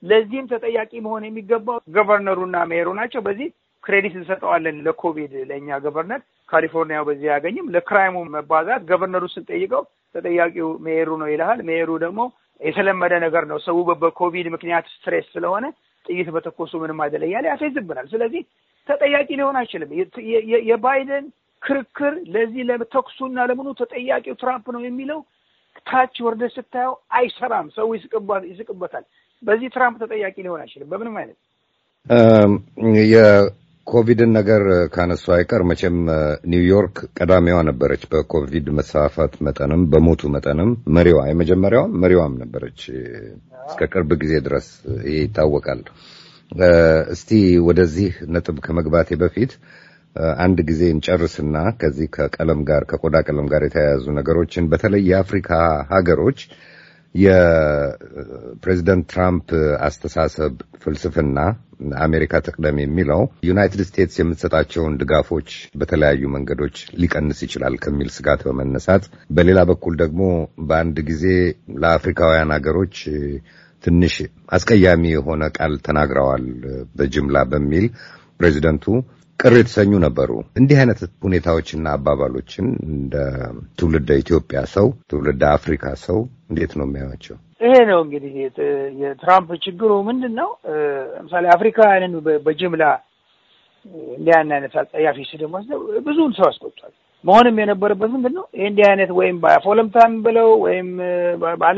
ለዚህም ተጠያቂ መሆን የሚገባው ገቨርነሩና ሜሩ ናቸው። በዚህ ክሬዲት እንሰጠዋለን ለኮቪድ ለእኛ ገቨርነር ካሊፎርኒያ በዚህ አያገኝም። ለክራይሙ መባዛት ገቨርነሩ ስንጠይቀው ተጠያቂው ሜሩ ነው ይልሃል። ሜሩ ደግሞ የተለመደ ነገር ነው፣ ሰው በኮቪድ ምክንያት ስትሬስ ስለሆነ ጥይት በተኮሱ ምንም አይደለ እያለ ያፌዝብናል። ስለዚህ ተጠያቂ ሊሆን አይችልም። የባይደን ክርክር ለዚህ ለተኩሱና ለምኑ ተጠያቂው ትራምፕ ነው የሚለው ታች ወርደ ስታየው አይሰራም። ሰው ይስቅበታል። በዚህ ትራምፕ ተጠያቂ ሊሆን አይችልም በምንም አይነት። የኮቪድን ነገር ካነሱ አይቀር መቼም ኒውዮርክ ቀዳሚዋ ነበረች በኮቪድ መስፋፋት መጠንም በሞቱ መጠንም መሪዋ የመጀመሪያዋም መሪዋም ነበረች እስከ ቅርብ ጊዜ ድረስ ይታወቃል። እስቲ ወደዚህ ነጥብ ከመግባቴ በፊት አንድ ጊዜ እንጨርስና ከዚህ ከቀለም ጋር ከቆዳ ቀለም ጋር የተያያዙ ነገሮችን በተለይ የአፍሪካ ሀገሮች የፕሬዚደንት ትራምፕ አስተሳሰብ ፍልስፍና አሜሪካ ትቅደም የሚለው ዩናይትድ ስቴትስ የምትሰጣቸውን ድጋፎች በተለያዩ መንገዶች ሊቀንስ ይችላል ከሚል ስጋት በመነሳት በሌላ በኩል ደግሞ በአንድ ጊዜ ለአፍሪካውያን ሀገሮች ትንሽ አስቀያሚ የሆነ ቃል ተናግረዋል በጅምላ በሚል ፕሬዚደንቱ ቅር የተሰኙ ነበሩ። እንዲህ አይነት ሁኔታዎችና አባባሎችን እንደ ትውልደ ኢትዮጵያ ሰው፣ ትውልደ አፍሪካ ሰው እንዴት ነው የሚያያቸው? ይሄ ነው እንግዲህ የትራምፕ ችግሩ ምንድን ነው? ለምሳሌ አፍሪካውያንን በጅምላ እንዲህ አይነት አጸያፊ ስድብ ወስደው ብዙውን ሰው አስቆጥቷል። መሆንም የነበረበት ምንድን ነው? ይሄ እንዲህ አይነት ወይም በፎለምታም ብለው ወይም ባለ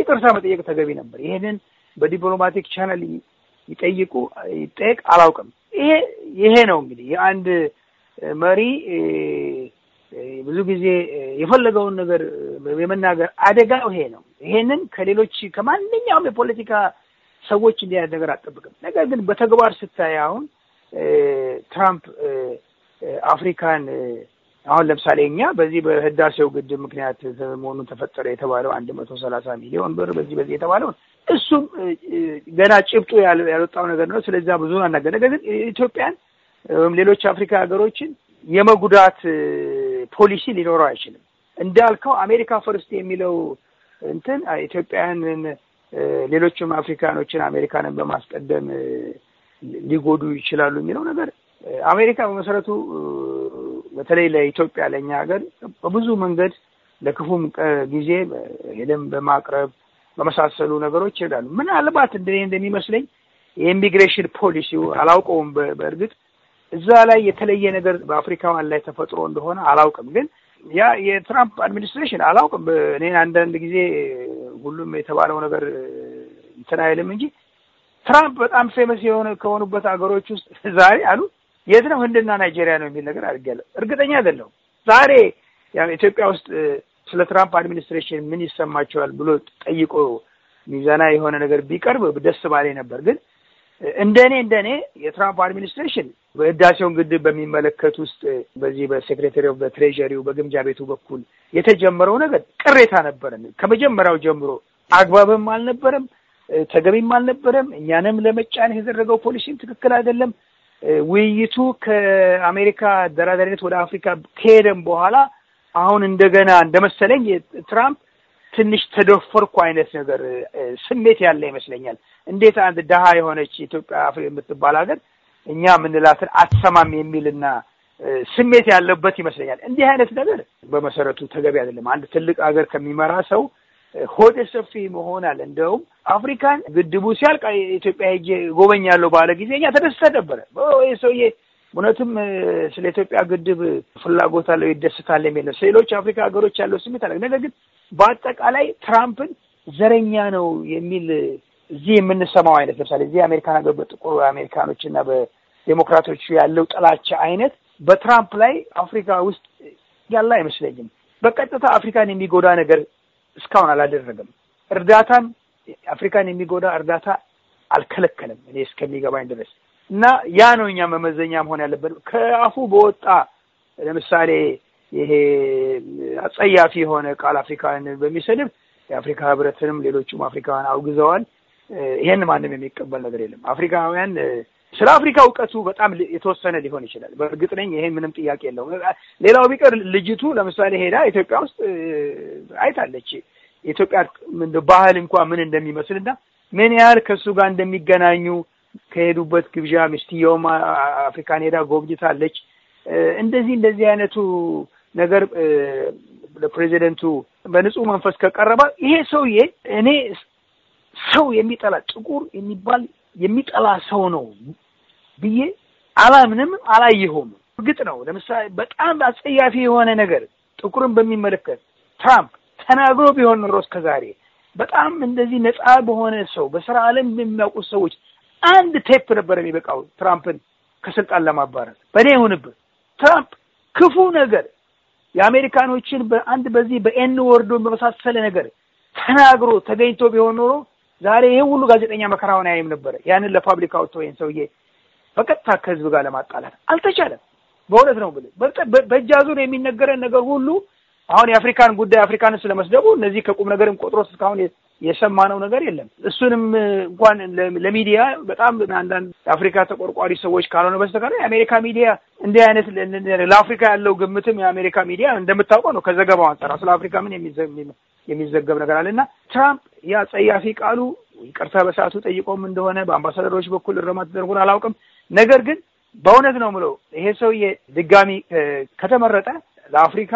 ይቅርታ መጠየቅ ተገቢ ነበር። ይሄንን በዲፕሎማቲክ ቻናል ይጠይቁ ይጠየቅ አላውቅም። ይሄ ይሄ ነው እንግዲህ የአንድ መሪ ብዙ ጊዜ የፈለገውን ነገር የመናገር አደጋው ይሄ ነው። ይሄንን ከሌሎች ከማንኛውም የፖለቲካ ሰዎች እንዲህ አይነት ነገር አጠብቅም። ነገር ግን በተግባር ስታይ አሁን ትራምፕ አፍሪካን አሁን ለምሳሌ እኛ በዚህ በህዳሴው ግድብ ምክንያት መሆኑን ተፈጠረ የተባለው አንድ መቶ ሰላሳ ሚሊዮን ብር በዚህ በዚህ የተባለውን እሱም ገና ጭብጡ ያልወጣው ነገር ነው። ስለዚያ ብዙ አናገር። ነገር ግን ኢትዮጵያን ወይም ሌሎች አፍሪካ ሀገሮችን የመጉዳት ፖሊሲ ሊኖረው አይችልም። እንዳልከው አሜሪካ ፈርስት የሚለው እንትን ኢትዮጵያውያንን ሌሎችም አፍሪካኖችን አሜሪካንን በማስቀደም ሊጎዱ ይችላሉ የሚለው ነገር አሜሪካ በመሰረቱ በተለይ ለኢትዮጵያ ለእኛ ሀገር በብዙ መንገድ ለክፉም ጊዜ ሄደን በማቅረብ በመሳሰሉ ነገሮች ይሄዳሉ። ምናልባት እንደ እንደሚመስለኝ የኢሚግሬሽን ፖሊሲው አላውቀውም። በእርግጥ እዛ ላይ የተለየ ነገር በአፍሪካውያን ላይ ተፈጥሮ እንደሆነ አላውቅም። ግን ያ የትራምፕ አድሚኒስትሬሽን አላውቅም። እኔ አንዳንድ ጊዜ ሁሉም የተባለው ነገር እንትን አይልም እንጂ ትራምፕ በጣም ፌመስ የሆነ ከሆኑበት ሀገሮች ውስጥ ዛሬ አሉ የት ነው ህንድና ናይጄሪያ ነው የሚል ነገር አድርጌያለሁ። እርግጠኛ አይደለሁ። ዛሬ ኢትዮጵያ ውስጥ ስለ ትራምፕ አድሚኒስትሬሽን ምን ይሰማቸዋል ብሎ ጠይቆ ሚዛና የሆነ ነገር ቢቀርብ ደስ ባሌ ነበር። ግን እንደኔ እንደኔ የትራምፕ አድሚኒስትሬሽን በህዳሴውን ግድብ በሚመለከት ውስጥ በዚህ በሴክሬታሪ በትሬዠሪው በግምጃ ቤቱ በኩል የተጀመረው ነገር ቅሬታ ነበረን ከመጀመሪያው ጀምሮ። አግባብም አልነበረም፣ ተገቢም አልነበረም። እኛንም ለመጫን የተደረገው ፖሊሲም ትክክል አይደለም። ውይይቱ ከአሜሪካ አደራዳሪነት ወደ አፍሪካ ከሄደም በኋላ አሁን እንደገና እንደመሰለኝ ትራምፕ ትንሽ ተደፈርኩ አይነት ነገር ስሜት ያለ ይመስለኛል። እንዴት አንድ ደሃ የሆነች ኢትዮጵያ አፍሪ የምትባል ሀገር እኛ የምንላትን አትሰማም የሚልና ስሜት ያለበት ይመስለኛል። እንዲህ አይነት ነገር በመሰረቱ ተገቢ አይደለም። አንድ ትልቅ ሀገር ከሚመራ ሰው ሆደ ሰፊ መሆን አለ። እንደውም አፍሪካን ግድቡ ሲያልቅ የኢትዮጵያ ሄጄ ጎበኛለሁ ባለ ጊዜ እኛ ተደስተ ነበረ። ሰውዬ እውነትም ስለ ኢትዮጵያ ግድብ ፍላጎት አለው፣ ይደስታል የሚል ነው። ሌሎች አፍሪካ ሀገሮች ያለው ስሜት አለ። ነገር ግን በአጠቃላይ ትራምፕን ዘረኛ ነው የሚል እዚህ የምንሰማው አይነት ለምሳሌ እዚህ የአሜሪካን ሀገር በጥቁር አሜሪካኖች እና በዴሞክራቶች ያለው ጥላቻ አይነት በትራምፕ ላይ አፍሪካ ውስጥ ያለ አይመስለኝም። በቀጥታ አፍሪካን የሚጎዳ ነገር እስካሁን አላደረገም። እርዳታን አፍሪካን የሚጎዳ እርዳታ አልከለከለም እኔ እስከሚገባኝ ድረስ እና ያ ነው እኛ መመዘኛ መሆን ያለበት። ከአፉ በወጣ ለምሳሌ ይሄ አጸያፊ የሆነ ቃል አፍሪካን በሚሰድብ የአፍሪካ ህብረትንም ሌሎቹም አፍሪካውያን አውግዘዋል። ይሄን ማንም የሚቀበል ነገር የለም። አፍሪካውያን ስለ አፍሪካ እውቀቱ በጣም የተወሰነ ሊሆን ይችላል። በእርግጥ ነኝ ይሄ ምንም ጥያቄ የለውም። ሌላው ቢቀር ልጅቱ ለምሳሌ ሄዳ ኢትዮጵያ ውስጥ አይታለች የኢትዮጵያ ባህል እንኳ ምን እንደሚመስልና ምን ያህል ከእሱ ጋር እንደሚገናኙ ከሄዱበት ግብዣ ሚስትየውም አፍሪካን ሄዳ ጎብኝታለች። እንደዚህ እንደዚህ አይነቱ ነገር ለፕሬዚደንቱ በንጹህ መንፈስ ከቀረባ ይሄ ሰውዬ እኔ ሰው የሚጠላ ጥቁር የሚባል የሚጠላ ሰው ነው ብዬ አላምንም፣ አላየሁም። እርግጥ ነው ለምሳሌ በጣም አጸያፊ የሆነ ነገር ጥቁርን በሚመለከት ትራምፕ ተናግሮ ቢሆን ኖሮ እስከዛሬ በጣም እንደዚህ ነፃ በሆነ ሰው በስራ ዓለም የሚያውቁት ሰዎች አንድ ቴፕ ነበር የሚበቃው ትራምፕን ከስልጣን ለማባረር። በእኔ ይሁንብህ ትራምፕ ክፉ ነገር የአሜሪካኖችን በአንድ በዚህ በኤን ወርዶ በመሳሰለ ነገር ተናግሮ ተገኝቶ ቢሆን ኖሮ ዛሬ ይህ ሁሉ ጋዜጠኛ መከራውን አይም ነበረ። ያንን ለፓብሊክ አውጥቶ ይህን ሰውዬ በቀጥታ ከህዝብ ጋር ለማጣላት አልተቻለም። በእውነት ነው በጃዙ ነው የሚነገረን ነገር ሁሉ አሁን የአፍሪካን ጉዳይ አፍሪካን ስለመስደቡ እነዚህ ከቁም ነገርም ቆጥሮት እስካሁን የሰማነው ነገር የለም። እሱንም እንኳን ለሚዲያ በጣም አንዳንድ የአፍሪካ ተቆርቋሪ ሰዎች ካልሆነ በስተቀር የአሜሪካ ሚዲያ እንዲህ አይነት ለአፍሪካ ያለው ግምትም የአሜሪካ ሚዲያ እንደምታውቀው ነው። ከዘገባው አንጻር ስለ አፍሪካ ምን የሚዘገብ ነገር አለ እና ትራምፕ ያ ጸያፊ ቃሉ ይቅርታ በሰዓቱ ጠይቆም እንደሆነ በአምባሳደሮች በኩል እርማት ተደርጎን አላውቅም ነገር ግን በእውነት ነው ምለው ይሄ ሰውዬ ድጋሚ ከተመረጠ ለአፍሪካ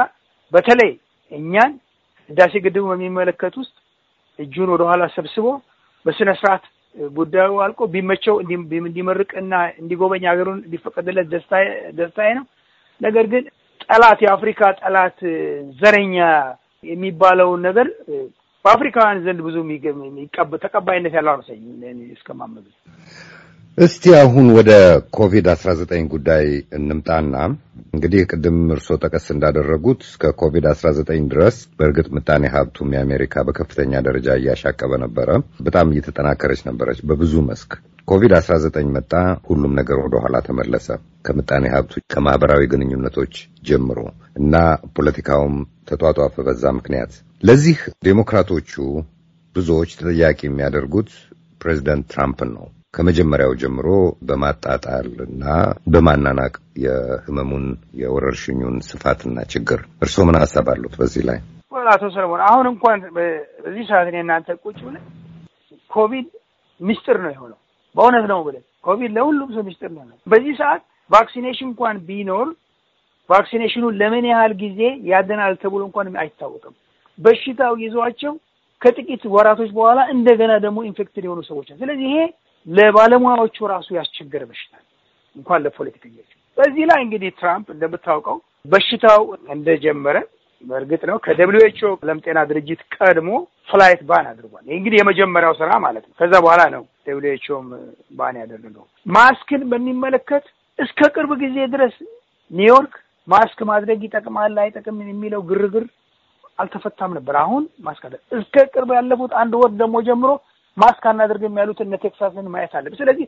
በተለይ እኛን ህዳሴ ግድቡ በሚመለከት ውስጥ እጁን ወደኋላ ሰብስቦ በስነ ስርዓት ጉዳዩ አልቆ ቢመቸው እንዲመርቅ እና እንዲጎበኝ ሀገሩን እንዲፈቀድለት ደስታዬ ነው። ነገር ግን ጠላት የአፍሪካ ጠላት ዘረኛ የሚባለውን ነገር በአፍሪካውያን ዘንድ ብዙ ተቀባይነት ያለው አርሰኝ እስከማመን እስቲ አሁን ወደ ኮቪድ-19 ጉዳይ እንምጣና እንግዲህ ቅድም እርስዎ ጠቀስ እንዳደረጉት እስከ ኮቪድ-19 ድረስ በእርግጥ ምጣኔ ሀብቱም የአሜሪካ በከፍተኛ ደረጃ እያሻቀበ ነበረ። በጣም እየተጠናከረች ነበረች በብዙ መስክ። ኮቪድ-19 መጣ፣ ሁሉም ነገር ወደኋላ ተመለሰ። ከምጣኔ ሀብቱ ከማህበራዊ ግንኙነቶች ጀምሮ እና ፖለቲካውም ተጧጧፈ። በዛ ምክንያት ለዚህ ዴሞክራቶቹ ብዙዎች ተጠያቂ የሚያደርጉት ፕሬዚደንት ትራምፕን ነው። ከመጀመሪያው ጀምሮ በማጣጣል እና በማናናቅ የህመሙን የወረርሽኙን ስፋትና ችግር እርስዎ ምን ሀሳብ አሉት በዚህ ላይ? አቶ ሰለሞን አሁን እንኳን በዚህ ሰዓት እኔ እናንተ ቁጭ ብለን ኮቪድ ሚስጥር ነው የሆነው። በእውነት ነው ብለን ኮቪድ ለሁሉም ሰው ምስጢር ነው። በዚህ ሰዓት ቫክሲኔሽን እንኳን ቢኖር ቫክሲኔሽኑ ለምን ያህል ጊዜ ያደናል ተብሎ እንኳን አይታወቅም። በሽታው ይዟቸው ከጥቂት ወራቶች በኋላ እንደገና ደግሞ ኢንፌክትድ የሆኑ ሰዎች ስለዚህ ይሄ ለባለሙያዎቹ ራሱ ያስቸገረ በሽታ እንኳን ለፖለቲከኞች። በዚህ ላይ እንግዲህ ትራምፕ እንደምታውቀው በሽታው እንደጀመረ በእርግጥ ነው ከደብሊው ኤች ኦ ዓለም ጤና ድርጅት ቀድሞ ፍላይት ባን አድርጓል። ይህ እንግዲህ የመጀመሪያው ስራ ማለት ነው። ከዛ በኋላ ነው ደብሊው ኤች ኦም ባን ያደረገው። ማስክን በሚመለከት እስከ ቅርብ ጊዜ ድረስ ኒውዮርክ ማስክ ማድረግ ይጠቅማል አይጠቅም የሚለው ግርግር አልተፈታም ነበር። አሁን ማስክ አለ እስከ ቅርብ ያለፉት አንድ ወር ደግሞ ጀምሮ ማስክ አናደርግም ያሉት እነ ቴክሳስን ማየት አለብን። ስለዚህ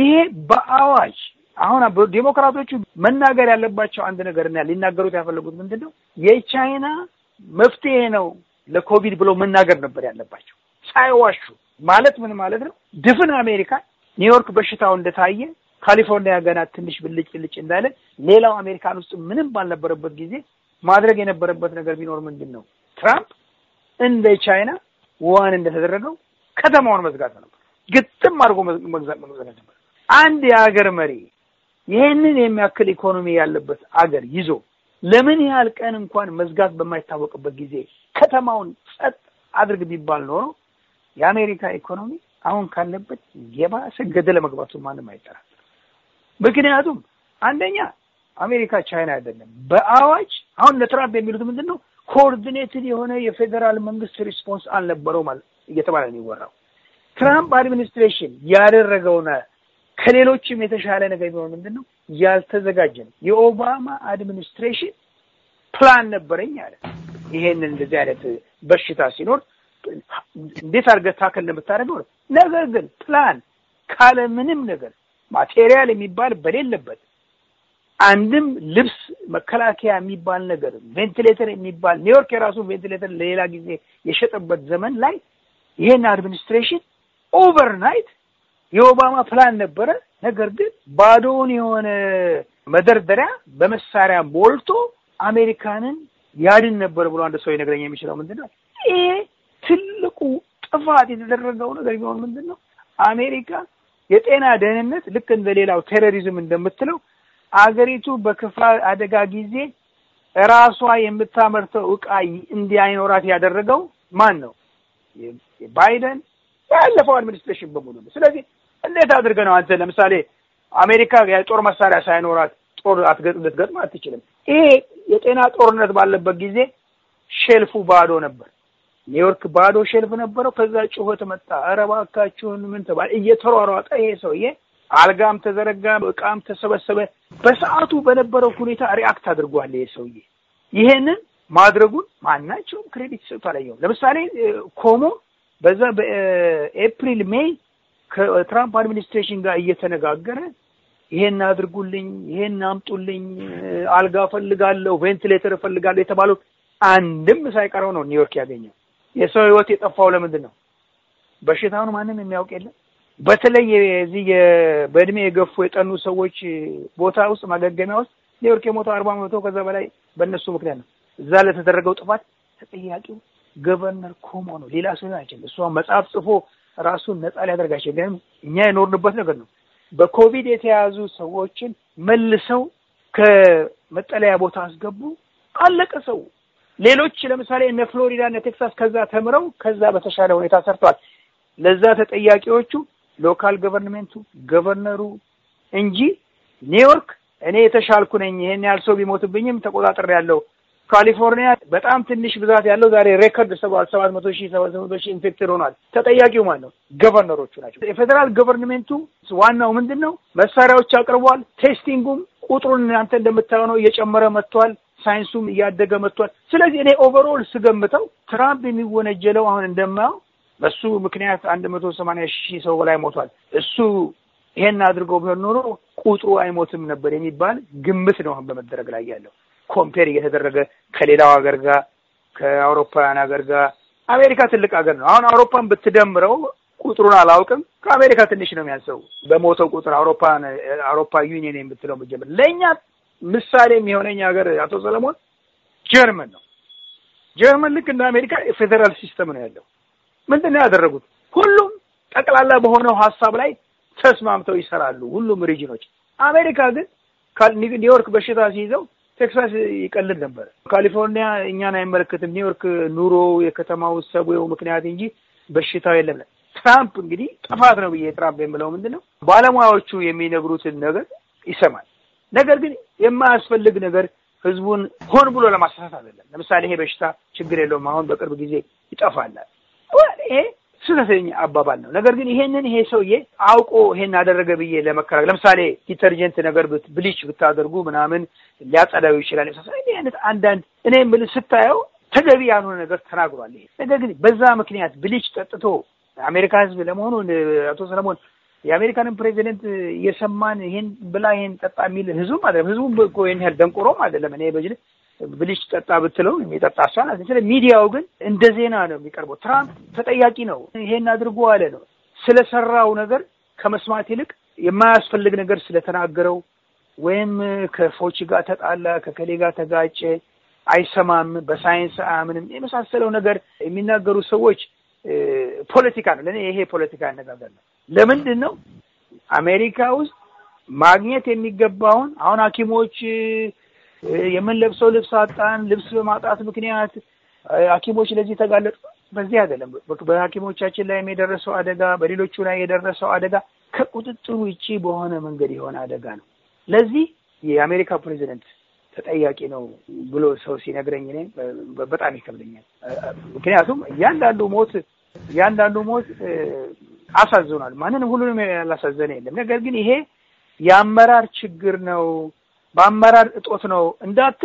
ይሄ በአዋጅ አሁን ዴሞክራቶቹ መናገር ያለባቸው አንድ ነገርና ሊናገሩት ያፈለጉት ምንድን ነው የቻይና መፍትሄ ነው ለኮቪድ ብለው መናገር ነበር ያለባቸው ሳይዋሹ። ማለት ምን ማለት ነው? ድፍን አሜሪካ ኒውዮርክ በሽታው እንደታየ ካሊፎርኒያ ገና ትንሽ ብልጭ ብልጭ እንዳለ ሌላው አሜሪካን ውስጥ ምንም ባልነበረበት ጊዜ ማድረግ የነበረበት ነገር ቢኖር ምንድን ነው? ትራምፕ እንደ ቻይና ውሃን እንደተደረገው ከተማውን መዝጋት ነበር። ግጥም አድርጎ መግዛት ነበር። አንድ የሀገር መሪ ይህንን የሚያክል ኢኮኖሚ ያለበት አገር ይዞ ለምን ያህል ቀን እንኳን መዝጋት በማይታወቅበት ጊዜ ከተማውን ጸጥ አድርግ ቢባል ኖሮ የአሜሪካ ኢኮኖሚ አሁን ካለበት የባሰ ገደለ መግባቱን ማንም አይጠራጠርም። ምክንያቱም አንደኛ አሜሪካ ቻይና አይደለም። በአዋጅ አሁን ለትራምፕ የሚሉት ምንድን ነው? ኮኦርዲኔትድ የሆነ የፌዴራል መንግስት ሪስፖንስ አልነበረው ማለት እየተባለ ነው የሚወራው። ትራምፕ አድሚኒስትሬሽን ያደረገውና ከሌሎችም የተሻለ ነገር ቢሆን ምንድን ነው ያልተዘጋጀ ነው። የኦባማ አድሚኒስትሬሽን ፕላን ነበረኝ አለ። ይሄንን እንደዚህ አይነት በሽታ ሲኖር እንዴት አድርገህ ታክል እንደምታደርገው ነው። ነገር ግን ፕላን ካለ ምንም ነገር ማቴሪያል የሚባል በሌለበት አንድም ልብስ መከላከያ የሚባል ነገር ቬንቲሌተር የሚባል ኒውዮርክ የራሱን ቬንቲሌተር ለሌላ ጊዜ የሸጠበት ዘመን ላይ ይሄን አድሚኒስትሬሽን ኦቨርናይት የኦባማ ፕላን ነበረ። ነገር ግን ባዶውን የሆነ መደርደሪያ በመሳሪያ ሞልቶ አሜሪካንን ያድን ነበር ብሎ አንድ ሰው ሊነግረኝ የሚችለው ምንድን ነው? ይሄ ትልቁ ጥፋት የተደረገው ነገር ቢሆን ምንድን ነው? አሜሪካ የጤና ደህንነት ልክ እንደ ሌላው ቴሮሪዝም እንደምትለው አገሪቱ በክፋ አደጋ ጊዜ ራሷ የምታመርተው እቃ እንዲያይኖራት ያደረገው ማን ነው? ባይደን ያለፈው አድሚኒስትሬሽን በሙሉ ነው። ስለዚህ እንዴት አድርገ ነው አንተ ለምሳሌ አሜሪካ የጦር መሳሪያ ሳይኖራት ጦር ልትገጥም አትችልም። ይሄ የጤና ጦርነት ባለበት ጊዜ ሼልፉ ባዶ ነበር። ኒውዮርክ ባዶ ሼልፍ ነበረው። ከዛ ጩኸት መጣ። ኧረ እባካችሁን ምን ተባለ? እየተሯሯጠ ይሄ ሰውዬ አልጋም ተዘረጋ፣ እቃም ተሰበሰበ። በሰዓቱ በነበረው ሁኔታ ሪአክት አድርጓል ይሄ ሰውዬ። ይሄንን ማድረጉን ማናቸውም ክሬዲት ሰጥቷል። ለምሳሌ ኮሞ በዛ በኤፕሪል ሜይ ከትራምፕ አድሚኒስትሬሽን ጋር እየተነጋገረ ይሄን አድርጉልኝ፣ ይሄን አምጡልኝ፣ አልጋ እፈልጋለሁ፣ ቬንቲሌተር እፈልጋለሁ የተባለው አንድም ሳይቀረው ነው ኒውዮርክ ያገኘው። የሰው ህይወት የጠፋው ለምንድን ነው? በሽታውን ማንም የሚያውቅ የለም። በተለይ የዚህ በእድሜ የገፉ የጠኑ ሰዎች ቦታ ውስጥ ማገገሚያ ውስጥ ኒውዮርክ የሞተው አርባ መቶ ከዛ በላይ በእነሱ ምክንያት ነው። እዛ ለተደረገው ጥፋት ተጠያቂው ገቨርነር ኮሞ ነው። ሌላ ሰው አይችልም። እሷ መጽሐፍ ጽፎ ራሱን ነጻ ሊያደርግ አይችልም። ግን እኛ የኖርንበት ነገር ነው። በኮቪድ የተያዙ ሰዎችን መልሰው ከመጠለያ ቦታ አስገቡ። አለቀ ሰው። ሌሎች ለምሳሌ እነ ፍሎሪዳ እነ ቴክሳስ ከዛ ተምረው ከዛ በተሻለ ሁኔታ ሰርተዋል። ለዛ ተጠያቂዎቹ ሎካል ገቨርንሜንቱ ገቨርነሩ እንጂ ኒውዮርክ እኔ የተሻልኩ ነኝ ይሄን ያህል ሰው ቢሞትብኝም ተቆጣጠር ያለው ካሊፎርኒያ በጣም ትንሽ ብዛት ያለው ዛሬ ሬከርድ ሰባል ሰባት መቶ ሺህ ሰባት መቶ ሺህ ኢንፌክትድ ሆኗል። ተጠያቂው ማን ነው? ገቨርነሮቹ ናቸው። የፌዴራል ገቨርንሜንቱ ዋናው ምንድን ነው? መሳሪያዎች አቅርቧል። ቴስቲንጉም ቁጥሩን እናንተ እንደምታየው ነው እየጨመረ መጥቷል። ሳይንሱም እያደገ መጥቷል። ስለዚህ እኔ ኦቨርኦል ስገምተው ትራምፕ የሚወነጀለው አሁን እንደማየው በሱ ምክንያት አንድ መቶ ሰማንያ ሺህ ሰው በላይ ሞቷል። እሱ ይሄን አድርገው ቢሆን ኖሮ ቁጥሩ አይሞትም ነበር የሚባል ግምት ነው አሁን በመደረግ ላይ ያለው። ኮምፔር እየተደረገ ከሌላው ሀገር ጋር ከአውሮፓውያን ሀገር ጋር አሜሪካ ትልቅ ሀገር ነው። አሁን አውሮፓን ብትደምረው ቁጥሩን አላውቅም፣ ከአሜሪካ ትንሽ ነው የሚያንሰው በሞተው ቁጥር አውሮፓን አውሮፓ ዩኒየን የምትለው መጀመር ለእኛ ምሳሌ የሚሆነኝ ሀገር አቶ ሰለሞን ጀርመን ነው። ጀርመን ልክ እንደ አሜሪካ ፌዴራል ሲስተም ነው ያለው። ምንድን ነው ያደረጉት? ሁሉም ጠቅላላ በሆነው ሀሳብ ላይ ተስማምተው ይሰራሉ ሁሉም ሪጅኖች። አሜሪካ ግን ኒውዮርክ በሽታ ሲይዘው ቴክሳስ ይቀልል ነበር። ካሊፎርኒያ እኛን አይመለከትም፣ ኒውዮርክ ኑሮ የከተማው ሰብዌው ምክንያት እንጂ በሽታው የለም። ትራምፕ እንግዲህ ጥፋት ነው ብዬ ትራምፕ የምለው ምንድን ነው ባለሙያዎቹ የሚነግሩትን ነገር ይሰማል። ነገር ግን የማያስፈልግ ነገር ህዝቡን ሆን ብሎ ለማሳሳት አይደለም። ለምሳሌ ይሄ በሽታ ችግር የለውም አሁን በቅርብ ጊዜ ይጠፋላል። ይሄ ስህተተኛ አባባል ነው። ነገር ግን ይሄንን ይሄ ሰውዬ አውቆ ይሄን አደረገ ብዬ ለመከራ ለምሳሌ ዲተርጀንት ነገር ብሊች ብታደርጉ ምናምን ሊያጸዳዩ ይችላል። ይህ አይነት አንዳንድ እኔ ምል ስታየው ተገቢ ያልሆነ ነገር ተናግሯል። ይሄ ነገር ግን በዛ ምክንያት ብሊች ጠጥቶ አሜሪካ ህዝብ ለመሆኑ አቶ ሰለሞን የአሜሪካንን ፕሬዚደንት እየሰማን ይሄን ብላ ይሄን ጠጣ የሚል ህዝቡም አይደለም። ህዝቡም እኮ ይሄን ያህል ደንቆሮም አይደለም። እኔ በጅል ብልጭ ጠጣ ብትለው የሚጠጣ አሷን ስለ ሚዲያው ግን እንደ ዜና ነው የሚቀርበው። ትራምፕ ተጠያቂ ነው ይሄን አድርጎ አለ ነው ስለሰራው ነገር ከመስማት ይልቅ የማያስፈልግ ነገር ስለተናገረው ወይም ከፎች ጋር ተጣላ፣ ከከሌ ጋር ተጋጨ፣ አይሰማም፣ በሳይንስ አያምንም የመሳሰለው ነገር የሚናገሩ ሰዎች ፖለቲካ ነው። ለእኔ ይሄ ፖለቲካ አነጋገር ነው። ለምንድን ነው አሜሪካ ውስጥ ማግኘት የሚገባውን አሁን ሐኪሞች የምንለብሰው ልብስ አጣን። ልብስ በማጣት ምክንያት ሐኪሞች ለዚህ ተጋለጡ። በዚህ አይደለም በሐኪሞቻችን ላይም የደረሰው አደጋ፣ በሌሎቹ ላይ የደረሰው አደጋ ከቁጥጥር ውጭ በሆነ መንገድ የሆነ አደጋ ነው። ለዚህ የአሜሪካ ፕሬዚደንት ተጠያቂ ነው ብሎ ሰው ሲነግረኝ እኔ በጣም ይከብደኛል። ምክንያቱም እያንዳንዱ ሞት እያንዳንዱ ሞት አሳዝኗል። ማንንም ሁሉንም ያላሳዘነ የለም። ነገር ግን ይሄ የአመራር ችግር ነው በአመራር እጦት ነው እንዳት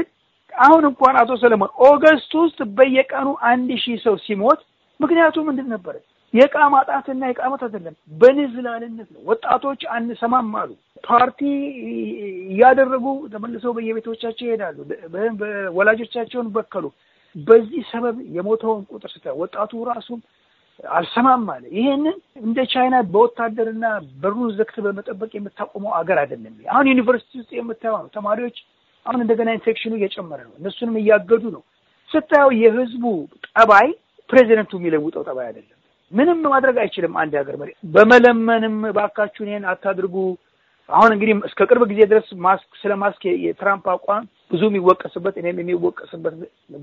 አሁን እንኳን አቶ ሰለሞን ኦገስት ውስጥ በየቀኑ አንድ ሺህ ሰው ሲሞት ምክንያቱ ምንድን ነበረ? የእቃ ማጣትና የእቃ ማጣት አይደለም፣ በንዝላልነት ነው። ወጣቶች አንሰማም አሉ። ፓርቲ እያደረጉ ተመልሰው በየቤቶቻቸው ይሄዳሉ። ወላጆቻቸውን በከሉ። በዚህ ሰበብ የሞተውን ቁጥር ስታ ወጣቱ ራሱም አልሰማም አለ። ይሄንን እንደ ቻይና በወታደርና በሩን ዘግት በመጠበቅ የምታቆመው አገር አይደለም። አሁን ዩኒቨርሲቲ ውስጥ የምታየው ነው። ተማሪዎች አሁን እንደገና ኢንፌክሽኑ እየጨመረ ነው። እነሱንም እያገዱ ነው። ስታየው የህዝቡ ጠባይ ፕሬዚደንቱ የሚለውጠው ጠባይ አይደለም። ምንም ማድረግ አይችልም። አንድ ሀገር መሪ በመለመንም እባካችሁን ይሄን አታድርጉ። አሁን እንግዲህ እስከ ቅርብ ጊዜ ድረስ ማስክ ስለ ማስክ የትራምፕ አቋም ብዙ የሚወቀስበት እኔም የሚወቀስበት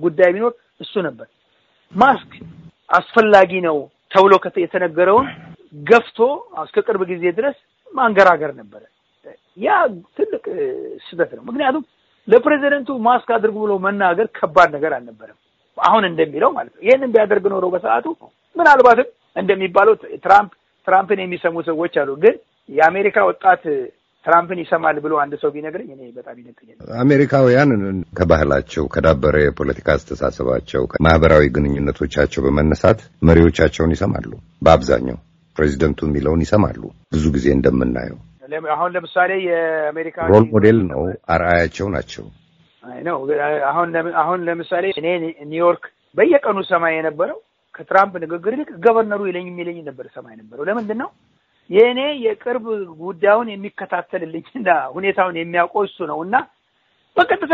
ጉዳይ ቢኖር እሱ ነበር ማስክ አስፈላጊ ነው ተብሎ የተነገረውን ገፍቶ እስከ ቅርብ ጊዜ ድረስ ማንገራገር ነበረ። ያ ትልቅ ስህተት ነው። ምክንያቱም ለፕሬዚደንቱ ማስክ አድርጉ ብሎ መናገር ከባድ ነገር አልነበረም፣ አሁን እንደሚለው ማለት ነው። ይህንን ቢያደርግ ኖሮ በሰዓቱ ምናልባትም እንደሚባለው ትራምፕ ትራምፕን የሚሰሙ ሰዎች አሉ። ግን የአሜሪካ ወጣት ትራምፕን ይሰማል ብሎ አንድ ሰው ቢነግረኝ እኔ በጣም ይነጥኛል። አሜሪካውያን ከባህላቸው ከዳበረ የፖለቲካ አስተሳሰባቸው ከማህበራዊ ግንኙነቶቻቸው በመነሳት መሪዎቻቸውን ይሰማሉ። በአብዛኛው ፕሬዚደንቱ የሚለውን ይሰማሉ። ብዙ ጊዜ እንደምናየው አሁን ለምሳሌ የአሜሪካ ሮል ሞዴል ነው፣ አርአያቸው ናቸው ነው። አሁን ለምሳሌ እኔ ኒውዮርክ በየቀኑ ሰማይ የነበረው ከትራምፕ ንግግር ይልቅ ገቨርነሩ ይለኝ የሚለኝ ነበር ሰማይ ነበረው። ለምንድን ነው የእኔ የቅርብ ጉዳዩን የሚከታተልልኝና ሁኔታውን የሚያውቀው እሱ ነው እና በቀጥታ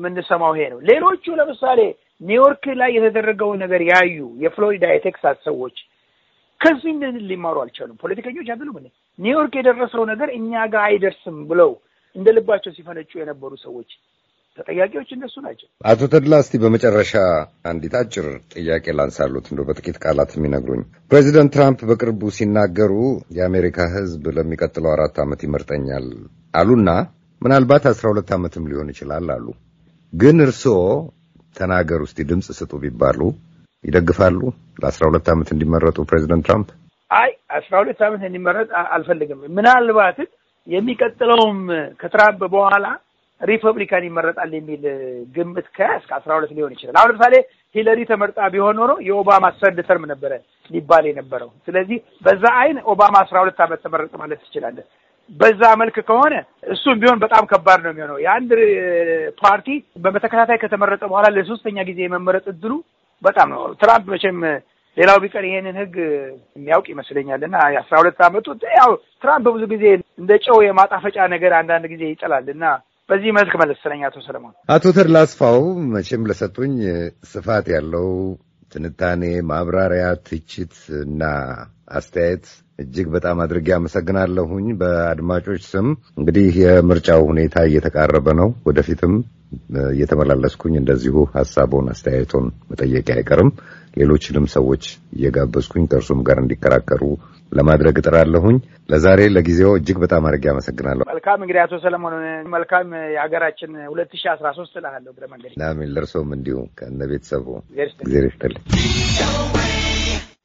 የምንሰማው ይሄ ነው። ሌሎቹ ለምሳሌ ኒውዮርክ ላይ የተደረገውን ነገር ያዩ የፍሎሪዳ የቴክሳስ ሰዎች ከዚህ ሊማሩ አልቻሉም። ፖለቲከኞች አይደሉም። ኒውዮርክ የደረሰው ነገር እኛ ጋር አይደርስም ብለው እንደ ልባቸው ሲፈነጩ የነበሩ ሰዎች ተጠያቂዎች እነሱ ናቸው። አቶ ተድላ እስቲ በመጨረሻ አንዲት አጭር ጥያቄ ላንሳሉት እንደ በጥቂት ቃላት የሚነግሩኝ ፕሬዚደንት ትራምፕ በቅርቡ ሲናገሩ የአሜሪካ ሕዝብ ለሚቀጥለው አራት ዓመት ይመርጠኛል አሉና ምናልባት አስራ ሁለት ዓመትም ሊሆን ይችላል አሉ። ግን እርስዎ ተናገር ውስጥ ድምፅ ስጡ ቢባሉ ይደግፋሉ ለአስራ ሁለት ዓመት እንዲመረጡ ፕሬዚደንት ትራምፕ? አይ አስራ ሁለት ዓመት እንዲመረጥ አልፈልግም። ምናልባት የሚቀጥለውም ከትራምፕ በኋላ ሪፐብሊካን ይመረጣል የሚል ግምት ከያ እስከ አስራ ሁለት ሊሆን ይችላል። አሁን ለምሳሌ ሂለሪ ተመርጣ ቢሆን ኖሮ የኦባማ ሰርድ ተርም ነበረ ሊባል የነበረው። ስለዚህ በዛ አይን ኦባማ አስራ ሁለት ዓመት ተመረጠ ማለት ትችላለን። በዛ መልክ ከሆነ እሱም ቢሆን በጣም ከባድ ነው የሚሆነው። የአንድ ፓርቲ በተከታታይ ከተመረጠ በኋላ ለሶስተኛ ጊዜ የመመረጥ እድሉ በጣም ነው። ትራምፕ መቼም ሌላው ቢቀር ይሄንን ህግ የሚያውቅ ይመስለኛል። እና የአስራ ሁለት ዓመቱ ያው ትራምፕ ብዙ ጊዜ እንደ ጨው የማጣፈጫ ነገር አንዳንድ ጊዜ ይጥላል እና በዚህ መልክ መለሰለኝ አቶ ሰለሞን። አቶ ተድላስፋው መቼም ለሰጡኝ ስፋት ያለው ትንታኔ፣ ማብራሪያ፣ ትችት እና አስተያየት እጅግ በጣም አድርጌ አመሰግናለሁኝ። በአድማጮች ስም እንግዲህ የምርጫው ሁኔታ እየተቃረበ ነው። ወደፊትም እየተመላለስኩኝ እንደዚሁ ሀሳቡን አስተያየቱን መጠየቅ አይቀርም። ሌሎችንም ሰዎች እየጋበዝኩኝ ከእርሱም ጋር እንዲከራከሩ ለማድረግ እጥራለሁኝ። ለዛሬ ለጊዜው እጅግ በጣም አድርጌ አመሰግናለሁ። መልካም እንግዲህ አቶ ሰለሞን መልካም የሀገራችን ሁለት ሺ አስራ ሶስት እልሃለሁ። እግረ መንገድ ለእርሶም እንዲሁ ከነ ቤተሰቡ ጊዜ ስትል